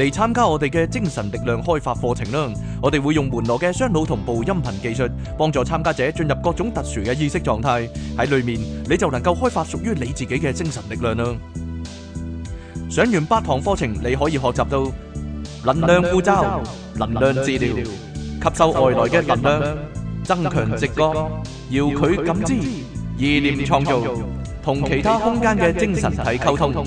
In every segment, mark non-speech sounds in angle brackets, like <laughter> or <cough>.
嚟參加我哋嘅精神力量開發課程啦！我哋會用門羅嘅雙腦同步音頻技術，幫助參加者進入各種特殊嘅意識狀態。喺裡面你就能夠開發屬於你自己嘅精神力量啦！上完八堂課程，你可以學習到能量護罩、能量治療、吸收外來嘅能量、增強直覺、遙距感知、意念創造、同其他空間嘅精神體溝通。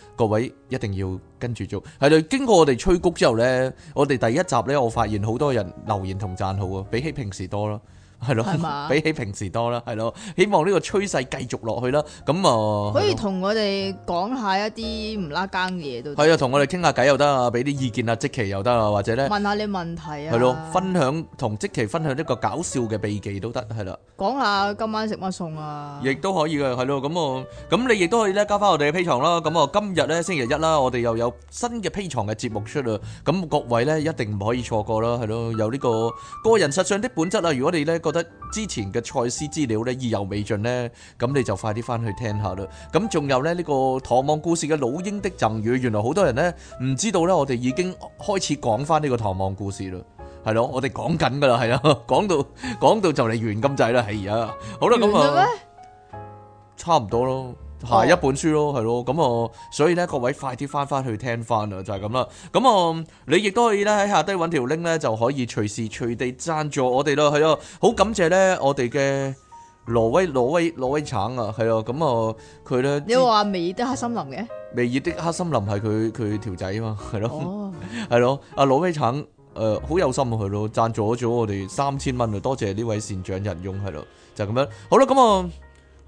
各位一定要跟住做，係啦！經過我哋吹谷之後咧，我哋第一集咧，我發現好多人留言同讚好啊，比起平時多咯。係咯，比起平時多啦，係咯，希望呢個趨勢繼續落去啦。咁啊，可以同我哋講下一啲唔拉更嘅嘢都，係啊，同我哋傾下偈又得啊，俾啲意見啊，即期又得啊，或者咧問下你問題啊。係咯，分享同即期分享一個搞笑嘅秘技都得，係啦。講下今晚食乜餸啊？亦都可以嘅，係咯。咁啊，咁你亦都可以咧加翻我哋嘅 Patreon 啦。咁啊，今日咧星期一啦，我哋又有新嘅 Patreon 嘅節目出啊。咁各位咧一定唔可以錯過啦，係咯。有呢個個人實相的本質啊，如果你咧個。覺得之前嘅賽斯資料咧意猶未盡咧，咁你就快啲翻去聽下啦。咁仲有咧呢個《唐望故事》嘅老鷹的贈予，原來好多人咧唔知道咧，我哋已經開始講翻呢個《唐望故事》啦，係咯，我哋講緊噶啦，係啦，講到講到就嚟完咁滯啦，係啊，好啦，咁啊，差唔多咯。下一本書咯，係咯，咁、嗯、啊，所以咧各位快啲翻翻去聽翻啊，就係咁啦。咁、嗯、啊，你亦都可以咧喺下低揾條 link 咧，就可以隨時隨地贊助我哋咯。係咯，好感謝咧我哋嘅挪威挪威挪威橙啊，係咯，咁啊佢咧。呢你話美熱的黑森林嘅？美熱的黑森林係佢佢條仔嘛，係咯，係咯。阿挪、oh. 威橙誒，好、嗯、有心啊，佢咯，贊助咗我哋三千蚊啊，多謝呢位善長仁翁，係咯，就咁樣。好、嗯、啦，咁、嗯、啊。嗯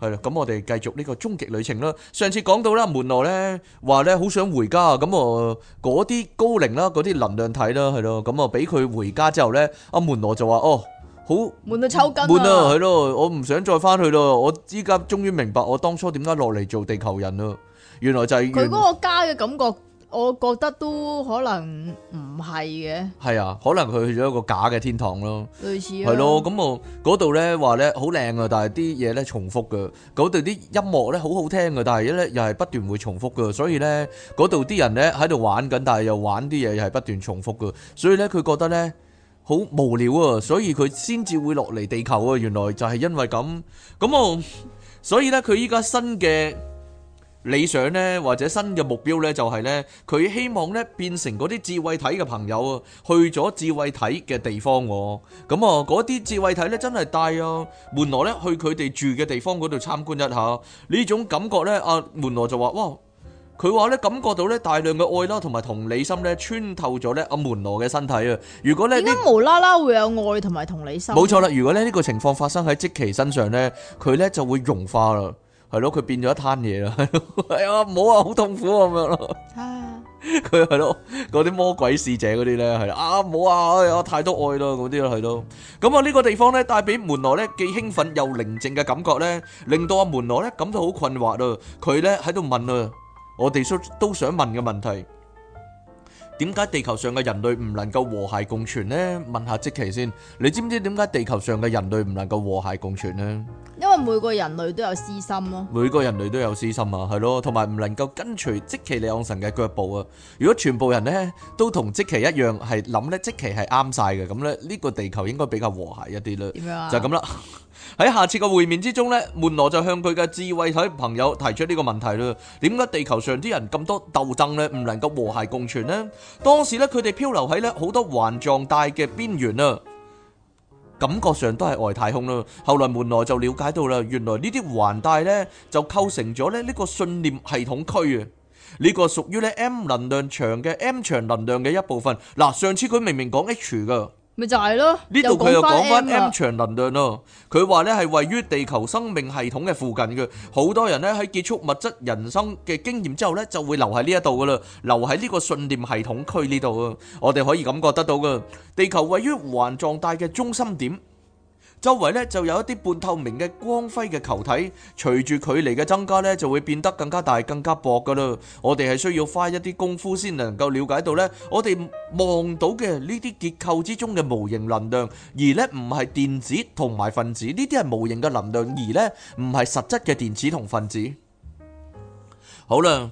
係啦，咁我哋繼續呢個終極旅程啦。上次講到啦，門羅咧話咧好想回家，啊。咁我嗰啲高靈啦，嗰啲能量體啦，係咯，咁啊俾佢回家之後咧，阿門羅就話哦，好、啊，悶到抽筋，悶啦，係咯，我唔想再翻去咯，我依家終於明白我當初點解落嚟做地球人啦，原來就係佢嗰個家嘅感覺。我覺得都可能唔係嘅，係啊，可能佢去咗一個假嘅天堂咯，類似係咯。咁我嗰度咧話咧好靚啊，但係啲嘢咧重複嘅。嗰度啲音樂咧好好聽嘅，但係咧又係不斷會重複嘅。所以咧嗰度啲人咧喺度玩緊，但係又玩啲嘢又係不斷重複嘅。所以咧佢覺得咧好無聊啊，所以佢先至會落嚟地球啊。原來就係因為咁，咁啊，所以咧佢依家新嘅理想呢，或者新嘅目標呢，就係呢。佢希望呢變成嗰啲智慧體嘅朋友啊，去咗智慧體嘅地方。咁啊，嗰啲智慧體呢，真係帶啊門羅呢去佢哋住嘅地方嗰度參觀一下，呢種感覺呢，阿門羅就話：哇！佢話呢感覺到呢大量嘅愛啦，同埋同理心呢穿透咗呢阿門羅嘅身體啊。如果呢點解無啦啦會有愛同埋同理心？冇錯啦！如果呢呢個情況發生喺積奇身上呢，佢呢就會融化啦。係咯，佢變咗一攤嘢啦。哎呀，唔好啊，好痛苦啊，咁樣咯。啊，佢係咯，嗰啲魔鬼使者嗰啲咧，係啊，唔好啊，哎呀，太多愛咯，嗰啲咯，係咯。咁啊，呢個地方咧，帶俾門羅咧既興奮又寧靜嘅感覺咧，令到阿門羅咧感到好困惑啊。佢咧喺度問啊，我哋都都想問嘅問題。點解地球上嘅人類唔能夠和諧共存呢？問下即奇先，你知唔知點解地球上嘅人類唔能夠和諧共存呢？因為每個人類都有私心咯。每個人類都有私心啊，係咯，同埋唔能夠跟隨即奇李昂臣嘅腳步啊。如果全部人咧都同即奇一樣係諗咧，即奇係啱晒嘅，咁咧呢個地球應該比較和諧一啲啦。點樣啊？就咁啦。喺下次嘅會面之中咧，門羅就向佢嘅智慧體朋友提出呢個問題啦。點解地球上啲人咁多鬥爭咧，唔能夠和諧共存呢？當時咧，佢哋漂流喺咧好多環狀帶嘅邊緣啦，感覺上都係外太空啦。後來門羅就了解到啦，原來呢啲環帶咧就構成咗咧呢個信念系統區啊。呢個屬於咧 M 能量場嘅 M 場能量嘅一部分。嗱，上次佢明明講 H 噶。咪就係咯，呢度佢又講翻 M 場 M 能量咯。佢話咧係位於地球生命系統嘅附近嘅，好多人咧喺結束物質人生嘅經驗之後咧，就會留喺呢一度噶啦，留喺呢個信念系統區呢度啊。我哋可以感覺得到噶，地球位於環狀帶嘅中心點。周圍咧就有一啲半透明嘅光輝嘅球體，隨住距離嘅增加咧就會變得更加大、更加薄噶啦。我哋係需要花一啲功夫先能夠了解到咧，我哋望到嘅呢啲結構之中嘅無形能量，而咧唔係電子同埋分子，呢啲係無形嘅能量，而咧唔係實質嘅電子同分子。好啦。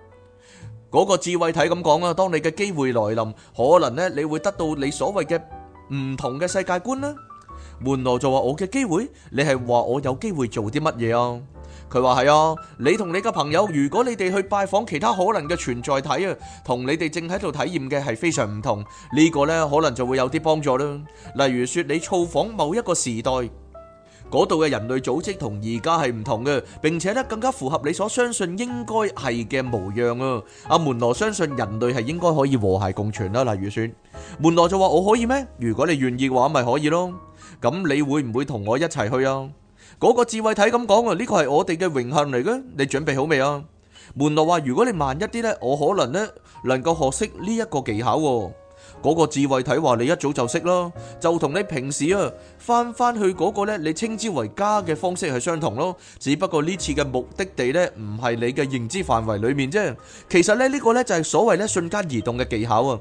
嗰個智慧體咁講啊，當你嘅機會來臨，可能咧你會得到你所謂嘅唔同嘅世界觀啦。門羅就話：我嘅機會，你係話我有機會做啲乜嘢啊？佢話係啊，你同你嘅朋友，如果你哋去拜訪其他可能嘅存在體啊，同你哋正喺度體驗嘅係非常唔同，呢個呢，可能就會有啲幫助啦。例如說，你造訪某一個時代。嗰度嘅人類組織同而家係唔同嘅，並且咧更加符合你所相信應該係嘅模樣啊！阿門羅相信人類係應該可以和諧共存啦，例如算門羅就話我可以咩？如果你願意嘅話，咪可以咯。咁你會唔會同我一齊去啊？嗰、那個智慧體咁講啊，呢個係我哋嘅榮幸嚟嘅。你準備好未啊？門羅話：如果你慢一啲呢，我可能呢能夠學識呢一個技巧喎。嗰個智慧體話你一早就識咯，就同你平時啊返返去嗰個呢，你稱之為家嘅方式係相同咯，只不過呢次嘅目的地呢，唔係你嘅認知範圍裏面啫。其實呢，呢個呢，就係所謂呢瞬間移動嘅技巧啊，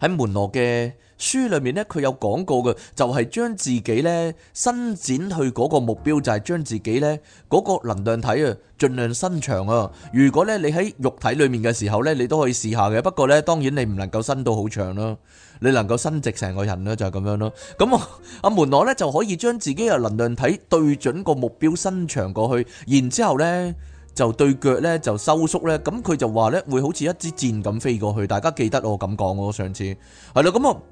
喺門落嘅。書裏面咧，佢有講過嘅，就係將自己咧伸展去嗰個目標，就係將自己咧嗰個能量體啊，盡量伸長啊。如果咧你喺肉體裏面嘅時候咧，你都可以試下嘅。不過咧，當然你唔能夠伸到好長啦，你能夠伸直成個人啦，就係咁樣咯。咁我阿門羅咧就可以將自己嘅能量體對準個目標伸長過去，然之後咧就對腳咧就收縮咧。咁佢就話咧會好似一支箭咁飛過去。大家記得我咁講咯，上次係啦。咁我。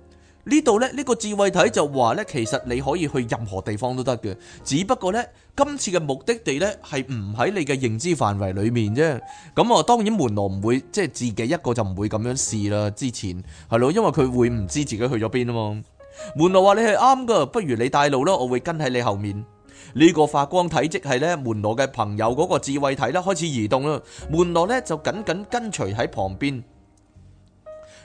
呢度咧，呢個智慧體就話咧，其實你可以去任何地方都得嘅，只不過咧，今次嘅目的地咧係唔喺你嘅認知範圍裏面啫。咁啊，當然門羅唔會即係自己一個就唔會咁樣試啦。之前係咯，因為佢會唔知自己去咗邊啊嘛。門羅話你係啱噶，不如你帶路咯，我會跟喺你後面。呢個發光體即係咧，門羅嘅朋友嗰個智慧體咧開始移動啦，門羅咧就緊緊跟隨喺旁邊。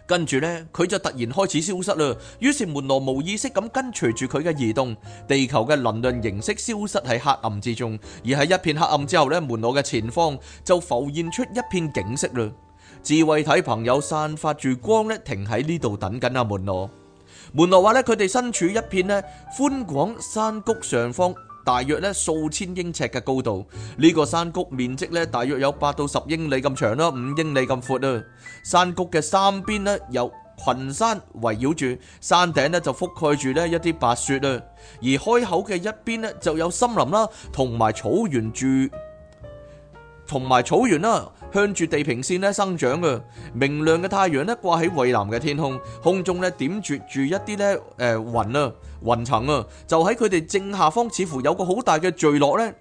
跟住呢，佢就突然開始消失啦。於是門羅無意識咁跟隨住佢嘅移動，地球嘅能量形式消失喺黑暗之中。而喺一片黑暗之後呢，門羅嘅前方就浮現出一片景色啦。智慧體朋友散發住光呢，停喺呢度等緊阿門羅。門羅話呢，佢哋身處一片呢寬廣山谷上方。大約咧數千英尺嘅高度，呢個山谷面積咧大約有八到十英里咁長啦，五英里咁闊啊。山谷嘅三邊咧由群山圍繞住，山頂咧就覆蓋住咧一啲白雪啊。而開口嘅一邊咧就有森林啦，同埋草原住，同埋草原啦。向住地平線咧生長嘅明亮嘅太陽咧掛喺蔚藍嘅天空，空中咧點綴住一啲咧誒雲啊雲層啊，就喺佢哋正下方，似乎有個好大嘅墜落咧，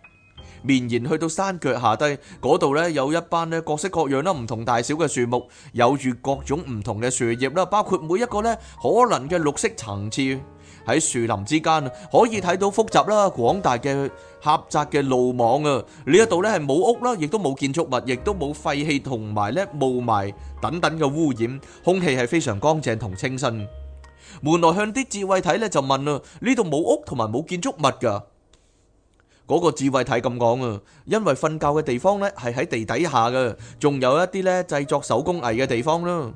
綿延去到山腳下低嗰度咧，有一班咧各式各樣啦、唔同大小嘅樹木，有住各種唔同嘅樹葉啦，包括每一個咧可能嘅綠色層次喺樹林之間啊，可以睇到複雜啦、廣大嘅狹窄嘅路網啊，呢一度咧係冇屋啦，亦都冇建築物，亦都冇廢氣同埋咧霧霾等等嘅污染，空氣係非常乾淨同清新。門羅向啲智慧體咧就問啊：呢度冇屋同埋冇建築物噶？嗰個智慧體咁講啊，因為瞓覺嘅地方咧係喺地底下噶，仲有一啲咧製作手工藝嘅地方啦。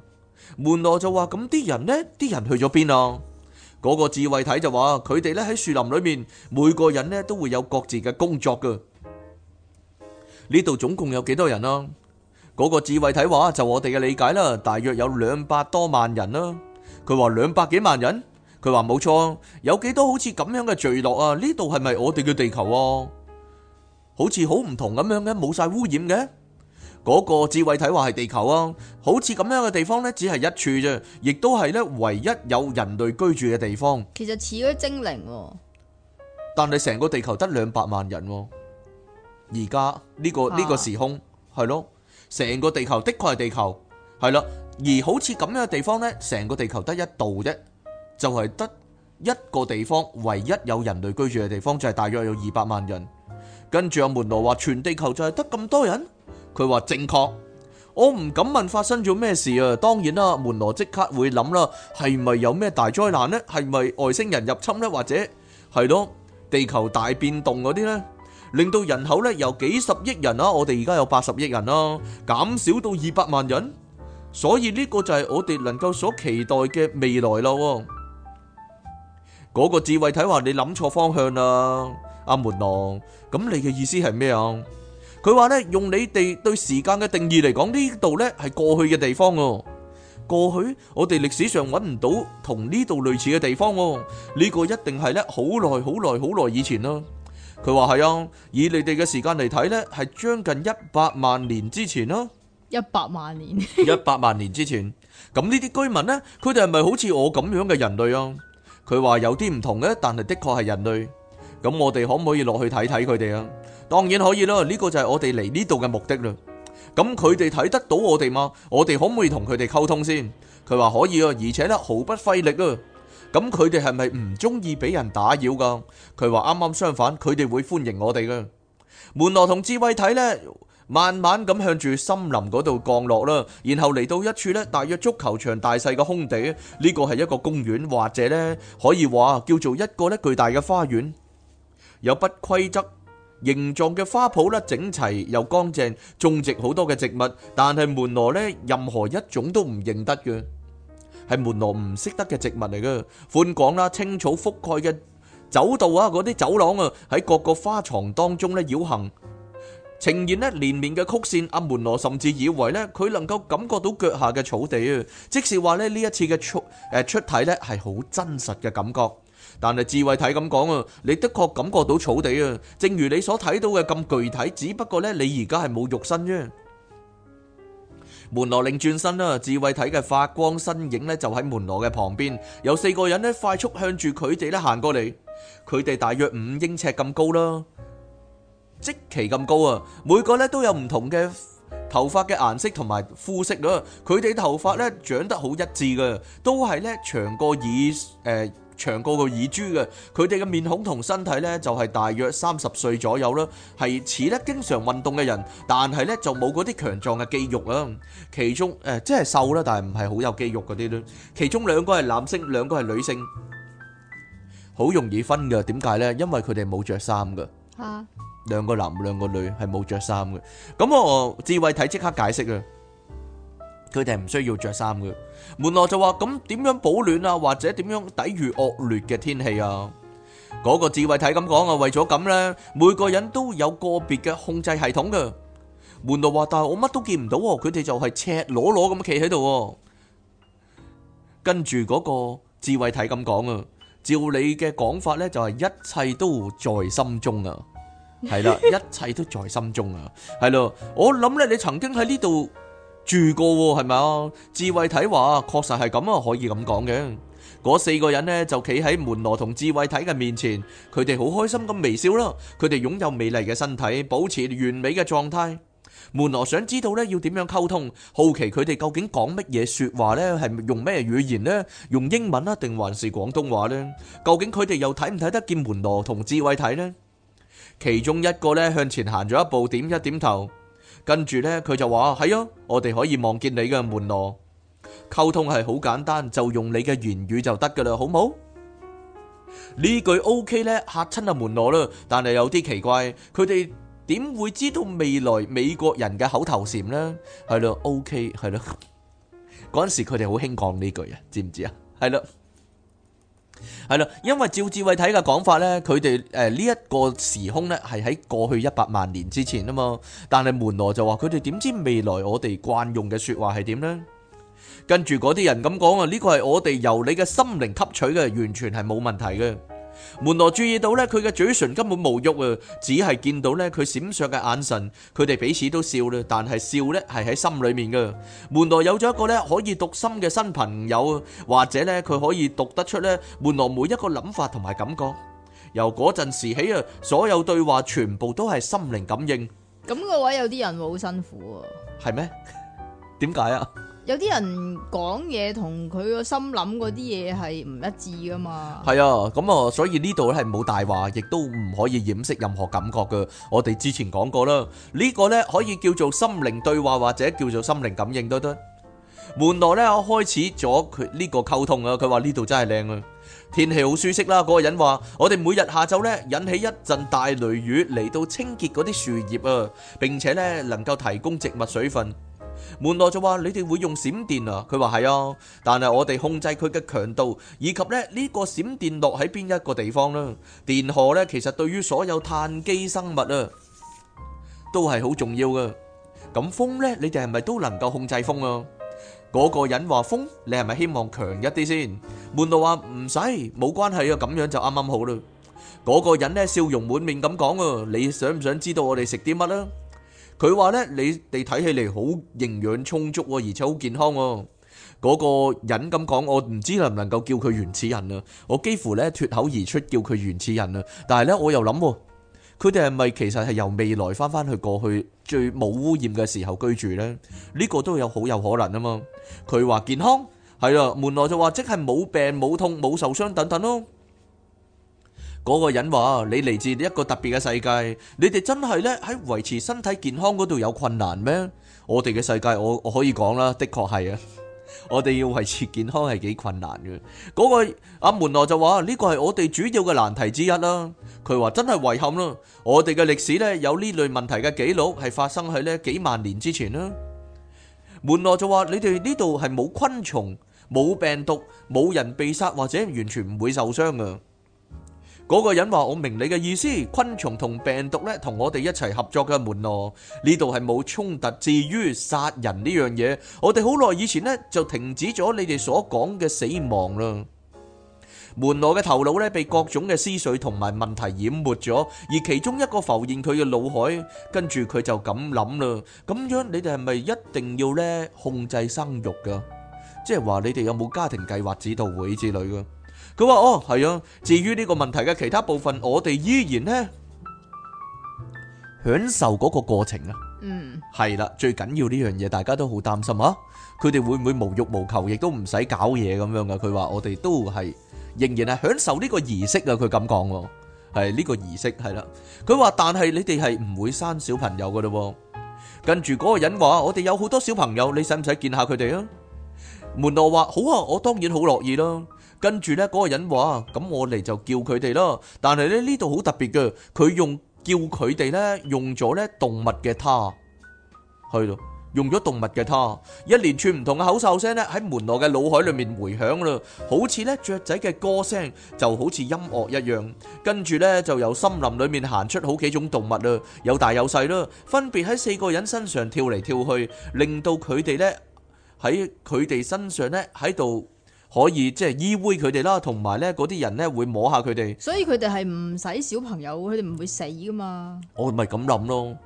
門羅就話：咁啲人咧，啲人去咗邊啊？嗰個智慧體就話：佢哋咧喺樹林裏面，每個人咧都會有各自嘅工作㗎。呢度總共有幾多人啊？嗰、那個智慧體話：就我哋嘅理解啦，大約有兩百多萬人啦。佢話兩百幾萬人，佢話冇錯，有幾多好似咁樣嘅聚落啊？呢度係咪我哋嘅地球啊？好似好唔同咁樣嘅，冇晒污染嘅。嗰個智慧體話係地球啊，好似咁樣嘅地方咧，只係一處啫，亦都係咧唯一有人類居住嘅地方。其實似咗精靈，但係成個地球得兩百萬人。而家呢個呢個時空係咯，成個地球的確係地球，係啦。而好似咁樣嘅地方咧，成個地球得一度啫，就係得一個地方，唯一有人類居住嘅地方就係大約有二百萬人。跟住阿門羅話，全地球就係得咁多人。佢話正確，我唔敢問發生咗咩事啊！當然啦，門羅即刻會諗啦，係咪有咩大災難呢？係咪外星人入侵呢？或者係咯地球大變動嗰啲呢，令到人口呢由幾十億人啊，我哋而家有八十億人啦，減少到二百萬人，所以呢個就係我哋能夠所期待嘅未來咯。嗰個智慧體話你諗錯方向啦，阿門羅，咁你嘅意思係咩啊？佢話咧，用你哋對時間嘅定義嚟講，呢度咧係過去嘅地方哦。過去我哋歷史上揾唔到同呢度類似嘅地方，呢個一定係咧好耐好耐好耐以前咯。佢話係啊，以你哋嘅時間嚟睇，咧係將近一百萬年之前咯。一百萬年，一百萬年之前。咁呢啲居民呢，佢哋係咪好似我咁樣嘅人類啊？佢話有啲唔同嘅，但係的確係人類。咁我哋可唔可以落去睇睇佢哋啊？當然可以啦，呢個就係我哋嚟呢度嘅目的啦。咁佢哋睇得到我哋嘛？我哋可唔可以同佢哋溝通先？佢話可以啊，而且咧毫不費力啊。咁佢哋係咪唔中意俾人打擾噶？佢話啱啱相反，佢哋會歡迎我哋噶。門羅同智慧體咧，慢慢咁向住森林嗰度降落啦，然後嚟到一處咧，大約足球場大細嘅空地，呢個係一個公園，或者咧可以話叫做一個咧巨大嘅花園。有不規則形狀嘅花圃啦，整齊又乾淨，種植好多嘅植物。但係門羅呢，任何一種都唔認得嘅，係門羅唔識得嘅植物嚟嘅。寬廣啦，青草覆蓋嘅走道啊，嗰啲走廊啊，喺各個花床當中咧繞行，呈現呢連綿嘅曲線。阿門羅甚至以為呢，佢能夠感覺到腳下嘅草地啊，即是話呢，呢一次嘅出誒、呃、出體呢，係好真實嘅感覺。但係智慧體咁講啊，你的確感覺到草地啊，正如你所睇到嘅咁具體，只不過咧你而家係冇肉身啫。門羅擰轉身啦，智慧體嘅發光身影咧就喺門羅嘅旁邊，有四個人咧快速向住佢哋咧行過嚟，佢哋大約五英尺咁高啦，即其咁高啊，每個咧都有唔同嘅頭髮嘅顏色同埋膚色咯，佢哋頭髮咧長得好一致嘅，都係咧長過耳誒。長過個耳珠嘅，佢哋嘅面孔同身體咧就係大約三十歲左右啦，係似得經常運動嘅人，但係咧就冇嗰啲強壯嘅肌肉啊，其中誒即係瘦啦，但係唔係好有肌肉嗰啲咯，其中兩個係男性，兩個係女性，好容易分噶，點解咧？因為佢哋冇着衫噶吓，兩個男兩個女係冇着衫嘅，咁我智慧體即刻解釋啊！佢哋係唔需要着衫嘅，門羅就話咁點樣保暖啊，或者點樣抵禦惡劣嘅天氣啊？嗰個智慧體咁講啊，為咗咁咧，每個人都有個別嘅控制系統嘅。門羅話，但係我乜都見唔到，佢哋就係赤裸裸咁企喺度。跟住嗰個智慧體咁講啊，照你嘅講法咧，就係一切都在心中啊，係啦，一切都在心中啊，係咯，我諗咧，你曾經喺呢度。住過喎，係咪啊？智慧體話確實係咁啊，可以咁講嘅。嗰四個人呢，就企喺門羅同智慧體嘅面前，佢哋好開心咁微笑啦。佢哋擁有美麗嘅身體，保持完美嘅狀態。門羅想知道呢，要點樣溝通，好奇佢哋究竟講乜嘢說話呢？係用咩語言呢？用英文啊，定還是廣東話呢？究竟佢哋又睇唔睇得見門羅同智慧體呢？其中一個呢，向前行咗一步，點一點頭。跟住呢，佢就話係啊，我哋可以望見你嘅。門羅，溝通係好簡單，就用你嘅言語就得噶啦，好唔好？呢 <noise> 句 O、OK、K 呢，吓親阿門羅啦，但係有啲奇怪，佢哋點會知道未來美國人嘅口頭禪呢？係咯，O K 係咯，嗰、OK, 陣 <laughs> <laughs> 時佢哋好興講呢句啊，知唔知啊？係咯。係啦，因為趙志偉睇嘅講法呢，佢哋誒呢一個時空呢，係喺過去一百萬年之前啊嘛，但係門羅就話佢哋點知未來我哋慣用嘅說話係點呢？跟住嗰啲人咁講啊，呢個係我哋由你嘅心靈吸取嘅，完全係冇問題嘅。門羅注意到咧，佢嘅嘴唇根本冇喐啊，只係見到咧佢閃爍嘅眼神。佢哋彼此都笑啦，但係笑咧係喺心裏面噶。門羅有咗一個咧可以讀心嘅新朋友，或者咧佢可以讀得出咧門羅每一個諗法同埋感覺。由嗰陣時起啊，所有對話全部都係心靈感應。咁個位有啲人會好辛苦啊？係咩？點解啊？有啲人講嘢同佢個心諗嗰啲嘢係唔一致噶嘛？係啊，咁啊，所以呢度咧係冇大話，亦都唔可以掩飾任何感覺噶。我哋之前講過啦，呢個咧可以叫做心靈對話或者叫做心靈感應都得。門羅咧我開始咗佢呢個溝通啊，佢話呢度真係靚啊，天氣好舒適啦。嗰個人話：我哋每日下晝咧引起一陣大雷雨嚟到清潔嗰啲樹葉啊，並且咧能夠提供植物水分。門羅就話你哋會用閃電啊，佢話係啊，但係我哋控制佢嘅強度以及咧呢個閃電落喺邊一個地方啦。電荷咧其實對於所有碳基生物啊都係好重要嘅。咁風咧，你哋係咪都能夠控制風啊？嗰、那個人話風，你係咪希望強一啲先？門羅話唔使，冇關係啊，咁樣就啱啱好啦。嗰、那個人咧笑容滿面咁講啊，你想唔想知道我哋食啲乜啦？佢話呢，你哋睇起嚟好營養充足，而且好健康。嗰個人咁講，我唔知能唔能夠叫佢原始人啦。我幾乎呢脫口而出叫佢原始人啦。但係呢，我又諗佢哋係咪其實係由未來翻翻去過去最冇污染嘅時候居住呢？呢個都有好有可能啊嘛。佢話健康係啦，門內就話即係冇病冇痛冇受傷等等咯。嗰個人話：你嚟自一個特別嘅世界，你哋真係呢喺維持身體健康嗰度有困難咩？我哋嘅世界，我我可以講啦，的確係啊，我哋要維持健康係幾困難嘅。嗰、那個阿、啊、門羅就話：呢、這個係我哋主要嘅難題之一啦。佢話：真係遺憾啦，我哋嘅歷史呢，有呢類問題嘅記錄係發生喺呢幾萬年之前啦。門羅就話：你哋呢度係冇昆蟲、冇病毒、冇人被殺或者完全唔會受傷嘅。嗰個人話：我明你嘅意思，昆蟲同病毒咧，同我哋一齊合作嘅。門諾呢度係冇衝突。至於殺人呢樣嘢，我哋好耐以前咧，就停止咗你哋所講嘅死亡啦。門諾嘅頭腦咧，被各種嘅思緒同埋問題淹沒咗，而其中一個浮現佢嘅腦海，跟住佢就咁諗啦。咁樣你哋係咪一定要咧控制生育噶即係話你哋有冇家庭計劃指導會之類噶佢話，哦，係啊，至於呢個問題嘅其他部分，我哋依然呢，享受嗰個過程啊。嗯，係啦，最緊要呢樣嘢，大家都好擔心啊。佢哋會唔會無欲無求，亦都唔使搞嘢咁樣噶？佢話，我哋都係仍然係享受呢個儀式啊。佢咁講，係呢個儀式係啦。佢話，但係你哋係唔會生小朋友噶啦。跟住嗰個人話，我哋有好多小朋友，你使唔使見下佢哋啊？門諾話，好啊，我當然好樂意囉。跟住呢，嗰個人話：咁我嚟就叫佢哋咯。但係呢，呢度好特別嘅，佢用叫佢哋呢，用咗呢動物嘅他，係咯，用咗動物嘅他。一連串唔同嘅口哨聲呢，喺門內嘅腦海裡面迴響啦，好似呢雀仔嘅歌聲，就好似音樂一樣。跟住呢，就由森林裡面行出好幾種動物啦，有大有細啦，分別喺四個人身上跳嚟跳去，令到佢哋呢喺佢哋身上呢喺度。可以即係依偎佢哋啦，同埋咧嗰啲人咧會摸下佢哋，所以佢哋係唔使小朋友，佢哋唔會死噶嘛。我咪咁諗咯。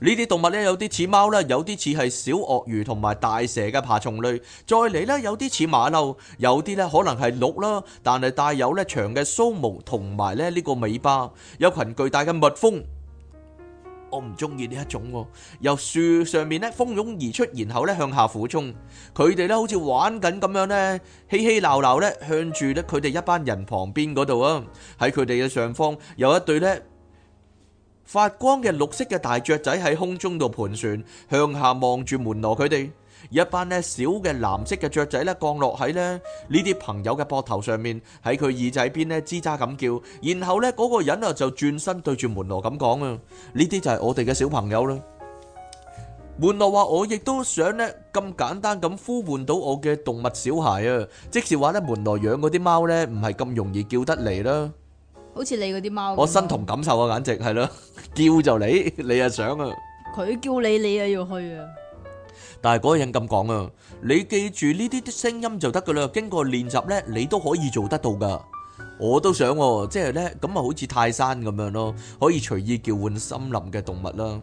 呢啲動物咧有啲似貓啦，有啲似係小鱷魚同埋大蛇嘅爬蟲類，再嚟咧有啲似馬騮，有啲咧可能係鹿啦，但係帶有咧長嘅鬚毛同埋咧呢個尾巴，有群巨大嘅蜜蜂，我唔中意呢一種喎，由樹上面咧蜂擁而出，然後咧向下俯衝。佢哋咧好似玩緊咁樣咧，嬉嬉鬧鬧咧向住咧佢哋一班人旁邊嗰度啊。喺佢哋嘅上方有一對咧發光嘅綠色嘅大雀仔喺空中度盤旋，向下望住門羅佢哋。一班咧小嘅藍色嘅雀仔咧降落喺咧呢啲朋友嘅膊頭上面，喺佢耳仔邊呢吱喳咁叫，然後呢，嗰、嗰個人啊就轉身對住門羅咁講啊，呢啲就係我哋嘅小朋友啦。門羅話：我亦都想呢，咁簡單咁呼喚到我嘅動物小孩啊，即是話咧門羅養嗰啲貓呢，唔係咁容易叫得嚟啦，好似你嗰啲貓。我身同感受啊，簡直係咯，叫就你，你啊想啊，佢叫你，你啊要去啊。但係嗰個人咁講啊，你記住呢啲啲聲音就得噶啦。經過練習咧，你都可以做得到噶。我都想，即係咧，咁啊，好似泰山咁樣咯，可以隨意叫喚森林嘅動物啦。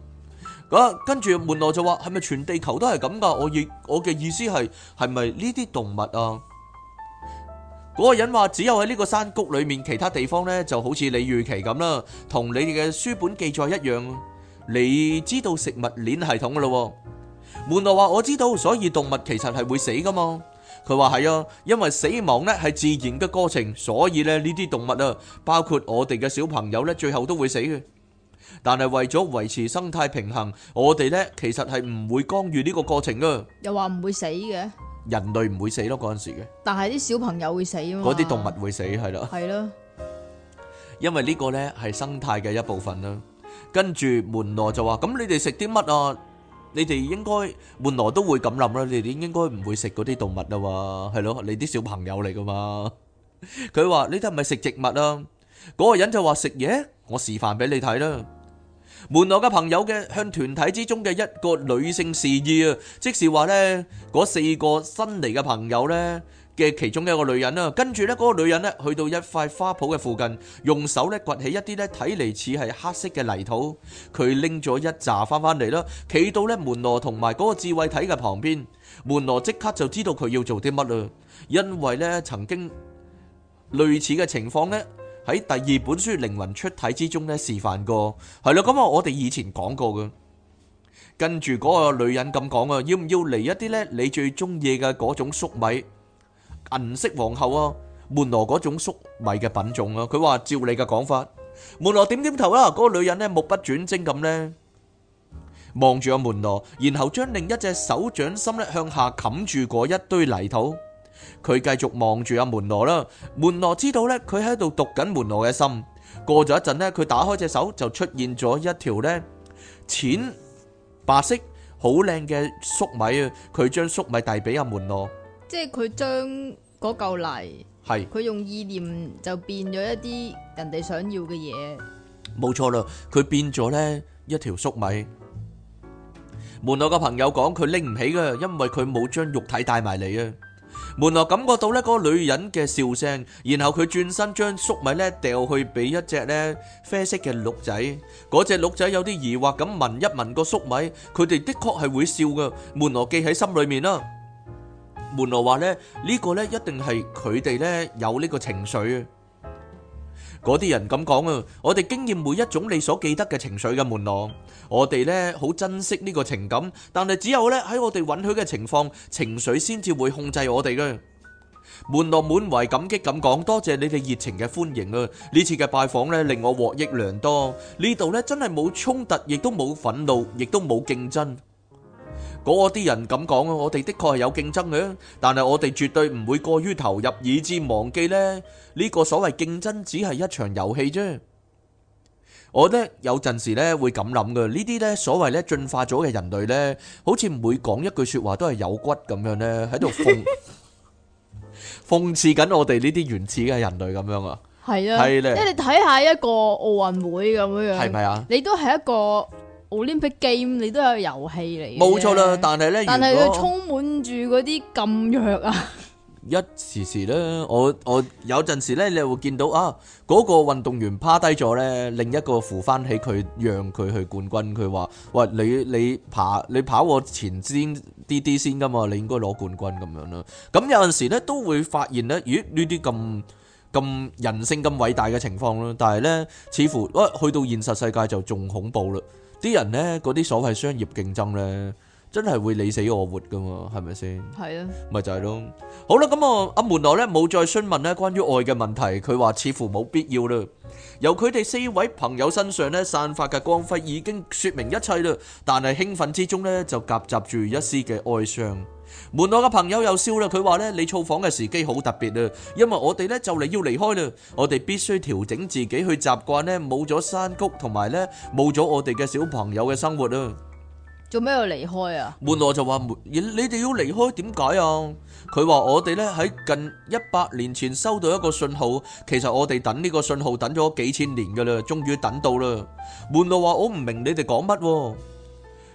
咁跟住門羅就話：係咪全地球都係咁噶？我意我嘅意思係，係咪呢啲動物啊？嗰個人話：只有喺呢個山谷裏面，其他地方咧就好似你預期咁啦，同你哋嘅書本記載一樣。你知道食物鏈系統噶啦。門羅話：我知道，所以動物其實係會死噶嘛。佢話係啊，因為死亡咧係自然嘅過程，所以咧呢啲動物啊，包括我哋嘅小朋友咧，最後都會死嘅。但係為咗維持生態平衡，我哋咧其實係唔會干預呢個過程啊。又話唔會死嘅？人類唔會死咯，嗰陣時嘅。但係啲小朋友會死啊。嗰啲動物會死，係啦。係咯，因為呢個咧係生態嘅一部分啦。跟住門羅就話：咁你哋食啲乜啊？你哋應該門內都會咁諗啦，你哋應該唔會食嗰啲動物啊嘛，係咯，你啲小朋友嚟噶嘛。佢 <laughs> 話：你啲係咪食植物啊？嗰、嗰個人就話食嘢，我示範俾你睇啦。門內嘅朋友嘅向團體之中嘅一個女性示意啊，即是話呢，嗰四個新嚟嘅朋友呢。嘅其中一個女人啦，跟住咧嗰個女人咧去到一塊花圃嘅附近，用手咧掘起一啲咧睇嚟似係黑色嘅泥土，佢拎咗一揸翻翻嚟啦，企到咧門羅同埋嗰個智慧體嘅旁邊，門羅即刻就知道佢要做啲乜啦，因為咧曾經類似嘅情況咧喺第二本書《靈魂出體》之中咧示範過，係咯，咁啊我哋以前講過嘅，跟住嗰個女人咁講啊，要唔要嚟一啲咧你最鍾意嘅嗰種粟米？銀色皇后啊，門羅嗰種粟米嘅品種啊，佢話照你嘅講法，門羅點點頭啦。嗰個女人呢，目不轉睛咁呢，望住阿門羅，然後將另一隻手掌心咧向下冚住嗰一堆泥土。佢繼續望住阿門羅啦。門羅知道呢，佢喺度讀緊門羅嘅心。過咗一陣呢，佢打開隻手就出現咗一條呢淺白色好靚嘅粟米啊！佢將粟米遞俾阿門羅。即係佢將嗰嚿泥，係佢用意念就變咗一啲人哋想要嘅嘢。冇錯啦，佢變咗咧一條粟米。門羅個朋友講佢拎唔起噶，因為佢冇將肉體帶埋嚟啊。門羅感覺到咧個女人嘅笑聲，然後佢轉身將粟米咧掉去俾一隻咧啡色嘅鹿仔。嗰隻鹿仔有啲疑惑咁聞一聞個粟米，佢哋的確係會笑噶。門羅記喺心裏面啦。門羅話咧呢個咧一定係佢哋咧有呢個情緒啊！嗰啲人咁講啊！我哋經驗每一種你所記得嘅情緒嘅，門羅，我哋咧好珍惜呢個情感，但係只有咧喺我哋允許嘅情況，情緒先至會控制我哋噶。門羅滿懷感激咁講，多謝你哋熱情嘅歡迎啊！呢次嘅拜訪咧令我獲益良多，呢度咧真係冇衝突，亦都冇憤怒，亦都冇競爭。嗰啲人咁講啊，我哋的確係有競爭嘅，但係我哋絕對唔會過於投入以致忘記咧。呢個所謂競爭只係一場遊戲啫。我咧有陣時咧會咁諗噶，呢啲咧所謂咧進化咗嘅人類咧，好似每講一句說話都係有骨咁樣咧，喺度諷諷刺緊我哋呢啲原始嘅人類咁樣啊。係啊，即係你睇下一個奧運會咁樣，係咪啊？你都係一個。Olympic Game 你都有遊戲嚟，冇錯啦。但係咧，來但係佢充滿住嗰啲禁藥啊！一時時咧，我我有陣時咧，你會見到啊，嗰、那個運動員趴低咗咧，另一個扶翻起佢，讓佢去冠軍。佢話：喂，你你爬你爬我前先啲啲先噶嘛？你應該攞冠軍咁樣咯。咁有陣時咧，都會發現咧，咦呢啲咁咁人性咁偉大嘅情況咯。但係咧，似乎喂、啊、去到現實世界就仲恐怖啦。啲人呢，嗰啲所謂商業競爭呢，真係會你死我活噶嘛，係咪先？係啊，咪就係咯。好啦，咁我阿門羅呢，冇再詢問呢關於愛嘅問題，佢話似乎冇必要啦。由佢哋四位朋友身上呢，散發嘅光輝已經説明一切啦，但係興奮之中呢就夾雜住一絲嘅哀傷。門內嘅朋友又笑啦，佢話咧，你租房嘅時機好特別啊，因為我哋咧就嚟要離開啦，我哋必須調整自己去習慣咧冇咗山谷同埋咧冇咗我哋嘅小朋友嘅生活啊！做咩要離開啊？門羅就話：你你哋要離開點解啊？佢話我哋咧喺近一百年前收到一個信號，其實我哋等呢個信號等咗幾千年噶啦，終於等到啦。門羅話：我唔明你哋講乜。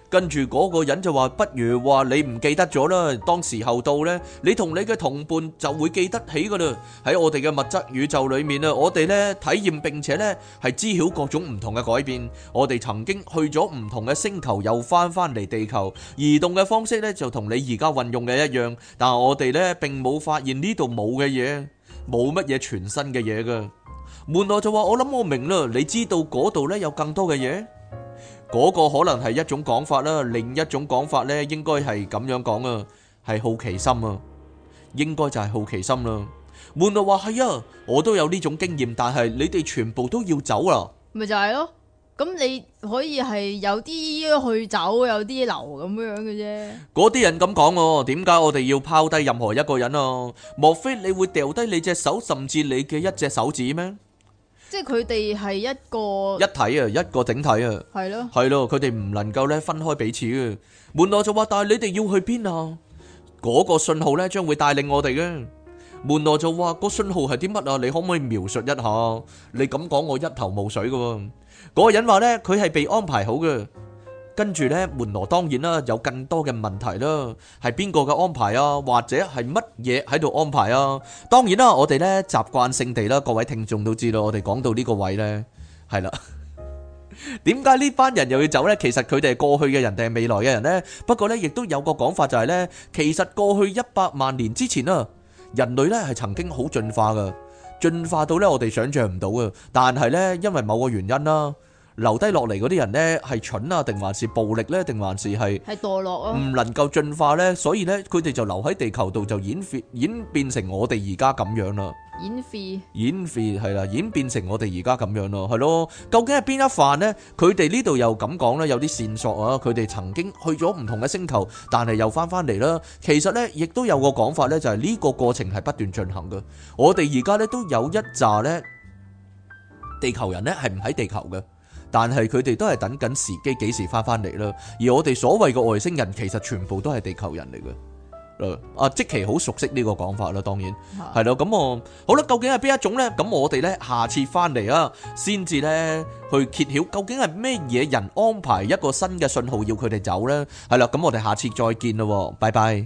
跟住嗰個人就話，不如話你唔記得咗啦。當時候到呢，你同你嘅同伴就會記得起噶啦。喺我哋嘅物質宇宙裏面啊，我哋呢體驗並且呢係知曉各種唔同嘅改變。我哋曾經去咗唔同嘅星球，又翻返嚟地球。移動嘅方式呢就同你而家運用嘅一樣，但係我哋呢並冇發現呢度冇嘅嘢，冇乜嘢全新嘅嘢噶。門羅就話，我諗我明啦，你知道嗰度呢有更多嘅嘢。嗰個可能係一種講法啦，另一種講法呢，應該係咁樣講啊，係好奇心啊，應該就係好奇心啦。滿話係啊，我都有呢種經驗，但係你哋全部都要走啦，咪就係咯。咁你可以係有啲去走，有啲留咁樣嘅啫。嗰啲人咁講，點解我哋要拋低任何一個人啊？莫非你會掉低你隻手，甚至你嘅一隻手指咩？即係佢哋係一個一體啊，一個整體啊，係咯，係咯，佢哋唔能夠咧分開彼此嘅。門羅就話：但係你哋要去邊啊？嗰個信號咧將會帶領我哋嘅。門羅就話：個信號係啲乜啊？你可唔可以描述一下？你咁講我一頭霧水嘅啊。嗰個人話咧，佢係被安排好嘅。跟住呢，門羅當然啦，有更多嘅問題啦，係邊個嘅安排啊，或者係乜嘢喺度安排啊？當然啦，我哋呢習慣性地啦，各位聽眾都知道，我哋講到呢個位呢，係啦，點解呢班人又要走呢？其實佢哋係過去嘅人定係未來嘅人呢？不過呢，亦都有個講法就係呢，其實過去一百萬年之前啊，人類呢係曾經好進化噶，進化到呢我哋想象唔到噶，但係呢因為某個原因啦。留低落嚟嗰啲人咧，係蠢啊，定還是暴力咧，定還是係係墮落啊？唔能夠進化咧，所以咧，佢哋就留喺地球度，就演變演變成我哋而家咁樣啦。演變演變係啦，演變成我哋而家咁樣咯，係咯？究竟係邊一範咧？佢哋呢度又咁講啦，有啲線索啊！佢哋曾經去咗唔同嘅星球，但係又翻翻嚟啦。其實咧，亦都有個講法咧，就係呢個過程係不斷進行嘅。我哋而家咧都有一紮咧地球人咧係唔喺地球嘅。但係佢哋都係等緊時機，幾時翻翻嚟？咯？而我哋所謂嘅外星人，其實全部都係地球人嚟嘅。嗱、啊，阿積奇好熟悉呢個講法啦，當然係咯。咁、啊、我好啦，究竟係邊一種呢？咁我哋呢，下次翻嚟啊，先至呢，去揭曉究竟係咩嘢人安排一個新嘅信號要佢哋走呢？係啦，咁我哋下次再見啦，拜拜。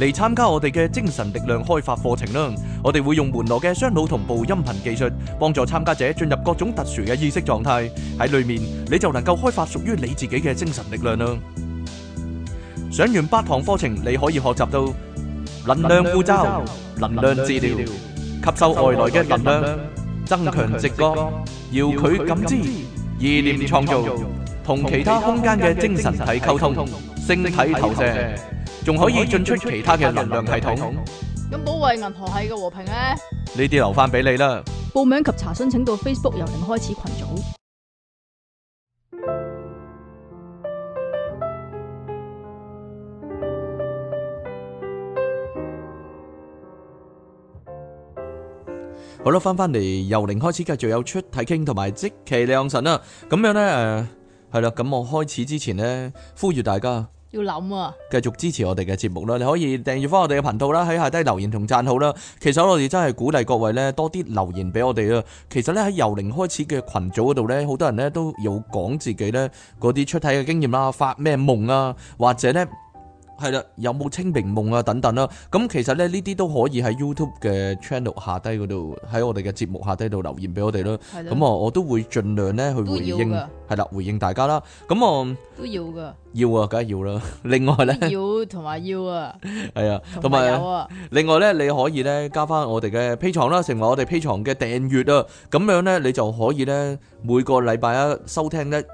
嚟參加我哋嘅精神力量開發課程啦！我哋會用門羅嘅雙腦同步音頻技術，幫助參加者進入各種特殊嘅意識狀態。喺裏面你就能夠開發屬於你自己嘅精神力量啦！上完八堂課程，你可以學習到能量步驟、能量治療、吸收外來嘅能量、增強直覺、遙距感知、意念創造、同其他空間嘅精神體溝通、星體投射。仲可以進出其他嘅能量系統。咁、嗯、保衛銀河系嘅和平咧？呢啲留翻俾你啦。報名及查詢請到 Facebook 由零開始群組。嗯、好啦，翻翻嚟由零開始，繼續有出體傾同埋即期亮神啦。咁樣咧，誒、呃，係啦。咁我開始之前咧，呼籲大家。要諗啊！繼續支持我哋嘅節目啦，你可以訂閱翻我哋嘅頻道啦，喺下低留言同讚好啦。其實我哋真係鼓勵各位咧，多啲留言俾我哋啊。其實咧，喺由零開始嘅群組嗰度咧，好多人咧都有講自己咧嗰啲出體嘅經驗啦，發咩夢啊，或者咧。係啦，有冇清明夢啊？等等啦，咁其實咧呢啲都可以喺 YouTube 嘅 channel 下低嗰度，喺我哋嘅節目下低度留言俾我哋啦。咁啊，我都會盡量咧去回應嘅。係啦，回應大家啦。咁啊，都要噶。要啊，梗係要啦。另外咧，要同埋要啊。係啊，同埋。另外咧，你可以咧加翻我哋嘅 Patreon 啦，成為我哋 Patreon 嘅訂閱啊。咁樣咧，你就可以咧每個禮拜一收聽咧。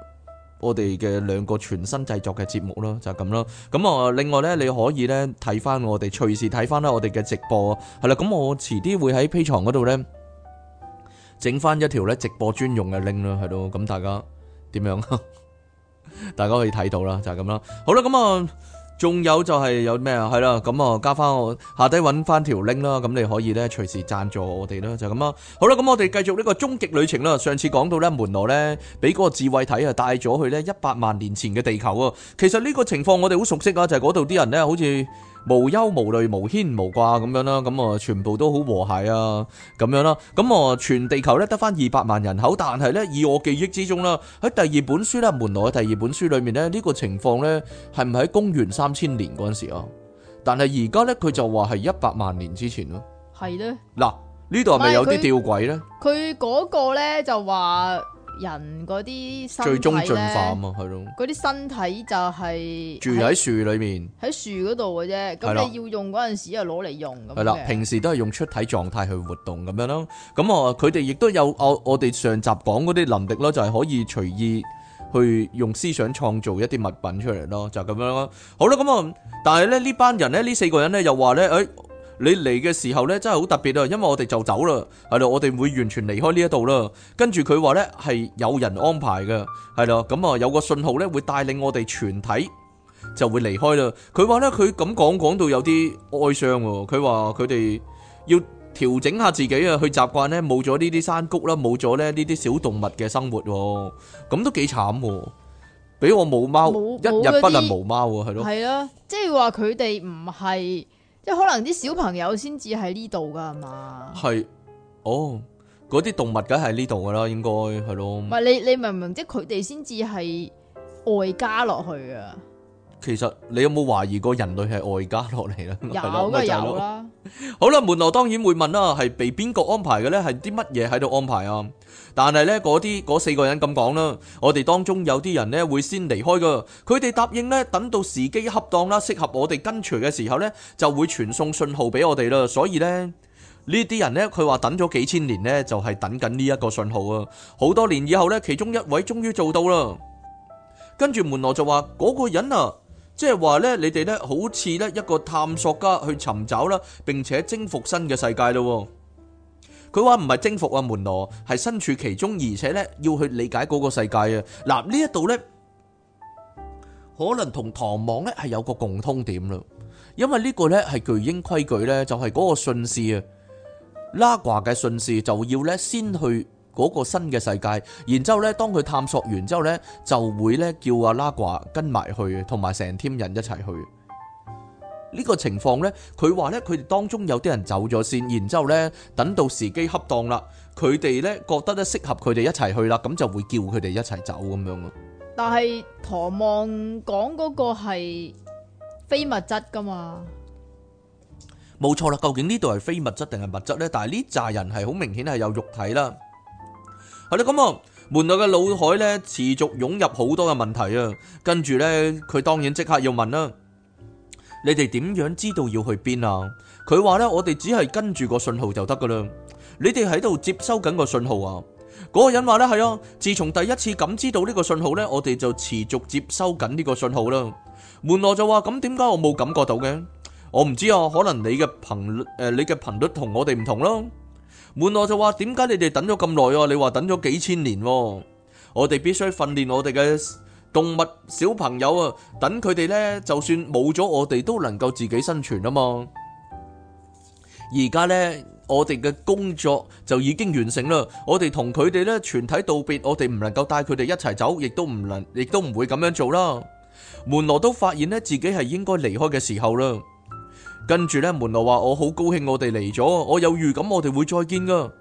我哋嘅兩個全新製作嘅節目咯，就係咁咯。咁啊，另外咧，你可以咧睇翻我哋隨時睇翻啦，我哋嘅直播係啦。咁我遲啲會喺 Patreon 嗰度咧整翻一條咧直播專用嘅 link 啦，係咯。咁大家點樣啊？ <laughs> 大家可以睇到啦，就係咁啦。好啦，咁啊～仲有就係有咩啊？係啦，咁啊加翻我下低揾翻條 link 啦，咁你可以咧隨時贊助我哋啦，就咁咯。好啦，咁我哋繼續呢個終極旅程啦。上次講到咧，門羅咧俾嗰個智慧體啊帶咗去咧一百萬年前嘅地球喎。其實呢個情況我哋好熟悉啊，就係嗰度啲人咧好似。無憂無慮無牽無掛咁樣啦，咁啊全部都好和諧啊，咁樣啦，咁啊全地球咧得翻二百萬人口，但係咧以我記憶之中啦，喺第二本書咧，門羅嘅第二本書裏面咧呢、呢個情況咧係唔係喺公元三千年嗰陣時啊，但係而家咧佢就話係一百萬年之前咯，係咧呢，嗱呢度係咪有啲吊詭咧？佢嗰個咧就話。人嗰啲最終進化嘛，嗰啲身體就係住喺在樹裏面，喺樹嗰度嘅啫。咁你要用嗰陣時就，又攞嚟用咁係啦。平時都係用出體狀態去活動咁樣咯。咁、嗯、啊，佢哋亦都有我我哋上集講嗰啲林迪咯，就係、是、可以隨意去用思想創造一啲物品出嚟咯，就咁樣咯。好啦，咁啊，但係咧呢班人咧呢四個人咧又話咧誒。欸你嚟嘅時候咧，真係好特別啊！因為我哋就走啦，係咯，我哋會完全離開呢一度啦。跟住佢話咧，係有人安排嘅，係咯。咁啊，有個信號咧會帶領我哋全體就會離開啦。佢話咧，佢咁講講到有啲哀傷。佢話佢哋要調整下自己啊，去習慣咧冇咗呢啲山谷啦，冇咗咧呢啲小動物嘅生活，咁都幾慘。俾我冇貓，一日不能無貓啊，係咯？係啦，即係話佢哋唔係。即係可能啲小朋友先至喺呢度噶係嘛？係，哦，嗰啲動物梗係呢度噶啦，應該係咯。唔係，你你明唔明？即係佢哋先至係外加落去啊。其實你有冇懷疑過人類係外加落嚟咧？有嘅有啦。好啦，門羅當然會問啦，係被邊個安排嘅呢？係啲乜嘢喺度安排啊？但係呢嗰啲嗰四個人咁講啦，我哋當中有啲人呢會先離開噶，佢哋答應呢，等到時機恰當啦，適合我哋跟隨嘅時候呢，就會傳送信號俾我哋啦。所以呢，呢啲人呢，佢話等咗幾千年呢，就係等緊呢一個信號啊！好多年以後呢，其中一位終於做到啦，跟住門羅就話嗰個人啊。即係話咧，你哋咧好似咧一個探索家去尋找啦，並且征服新嘅世界咯。佢話唔係征服啊，門羅係身處其中，而且咧要去理解嗰個世界啊。嗱，呢一度咧可能同唐望咧係有個共通點咯，因為呢個咧係巨鷹規矩咧，就係嗰個順序啊。拉掛嘅順序就要咧先去。嗰個新嘅世界，然之後咧，當佢探索完之後咧，就會咧叫阿拉瓜跟埋去，同埋成添人一齊去。呢個情況咧，佢話咧，佢哋當中有啲人走咗先，然之後咧，等到時機恰當啦，佢哋咧覺得咧適合佢哋一齊去啦，咁就會叫佢哋一齊走咁樣咯。但係唐望講嗰個係非物質噶嘛？冇錯啦，究竟呢度係非物質定係物質咧？但係呢扎人係好明顯係有肉體啦。係啦，咁啊，門羅嘅腦海咧持續湧入好多嘅問題啊，跟住咧佢當然即刻要問啦、啊，你哋點樣知道要去邊啊？佢話咧我哋只係跟住個信號就得噶啦，你哋喺度接收緊個信號啊？嗰、嗰個人話咧係啊，自從第一次感知到呢個信號咧，我哋就持續接收緊呢個信號啦。門羅就話咁點解我冇感覺到嘅？我唔知啊，可能你嘅頻誒你嘅頻率我同我哋唔同咯。門羅就話：點解你哋等咗咁耐哦？你話等咗幾千年，我哋必須訓練我哋嘅動物小朋友啊，等佢哋呢，就算冇咗我哋都能夠自己生存啊嘛。而家呢，我哋嘅工作就已經完成啦，我哋同佢哋呢，全體道別，我哋唔能夠帶佢哋一齊走，亦都唔能，亦都唔會咁樣做啦。門羅都發現呢，自己係應該離開嘅時候啦。跟住咧，門羅話：我好高興，我哋嚟咗，我有預感，我哋會再見噶。嗰、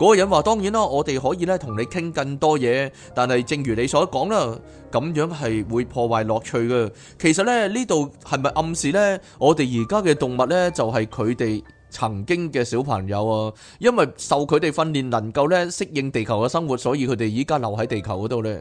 那個人話：當然啦，我哋可以咧同你傾更多嘢，但係正如你所講啦，咁樣係會破壞樂趣噶。其實咧，呢度係咪暗示呢？我哋而家嘅動物呢，就係佢哋曾經嘅小朋友啊，因為受佢哋訓練，能夠咧適應地球嘅生活，所以佢哋依家留喺地球嗰度呢。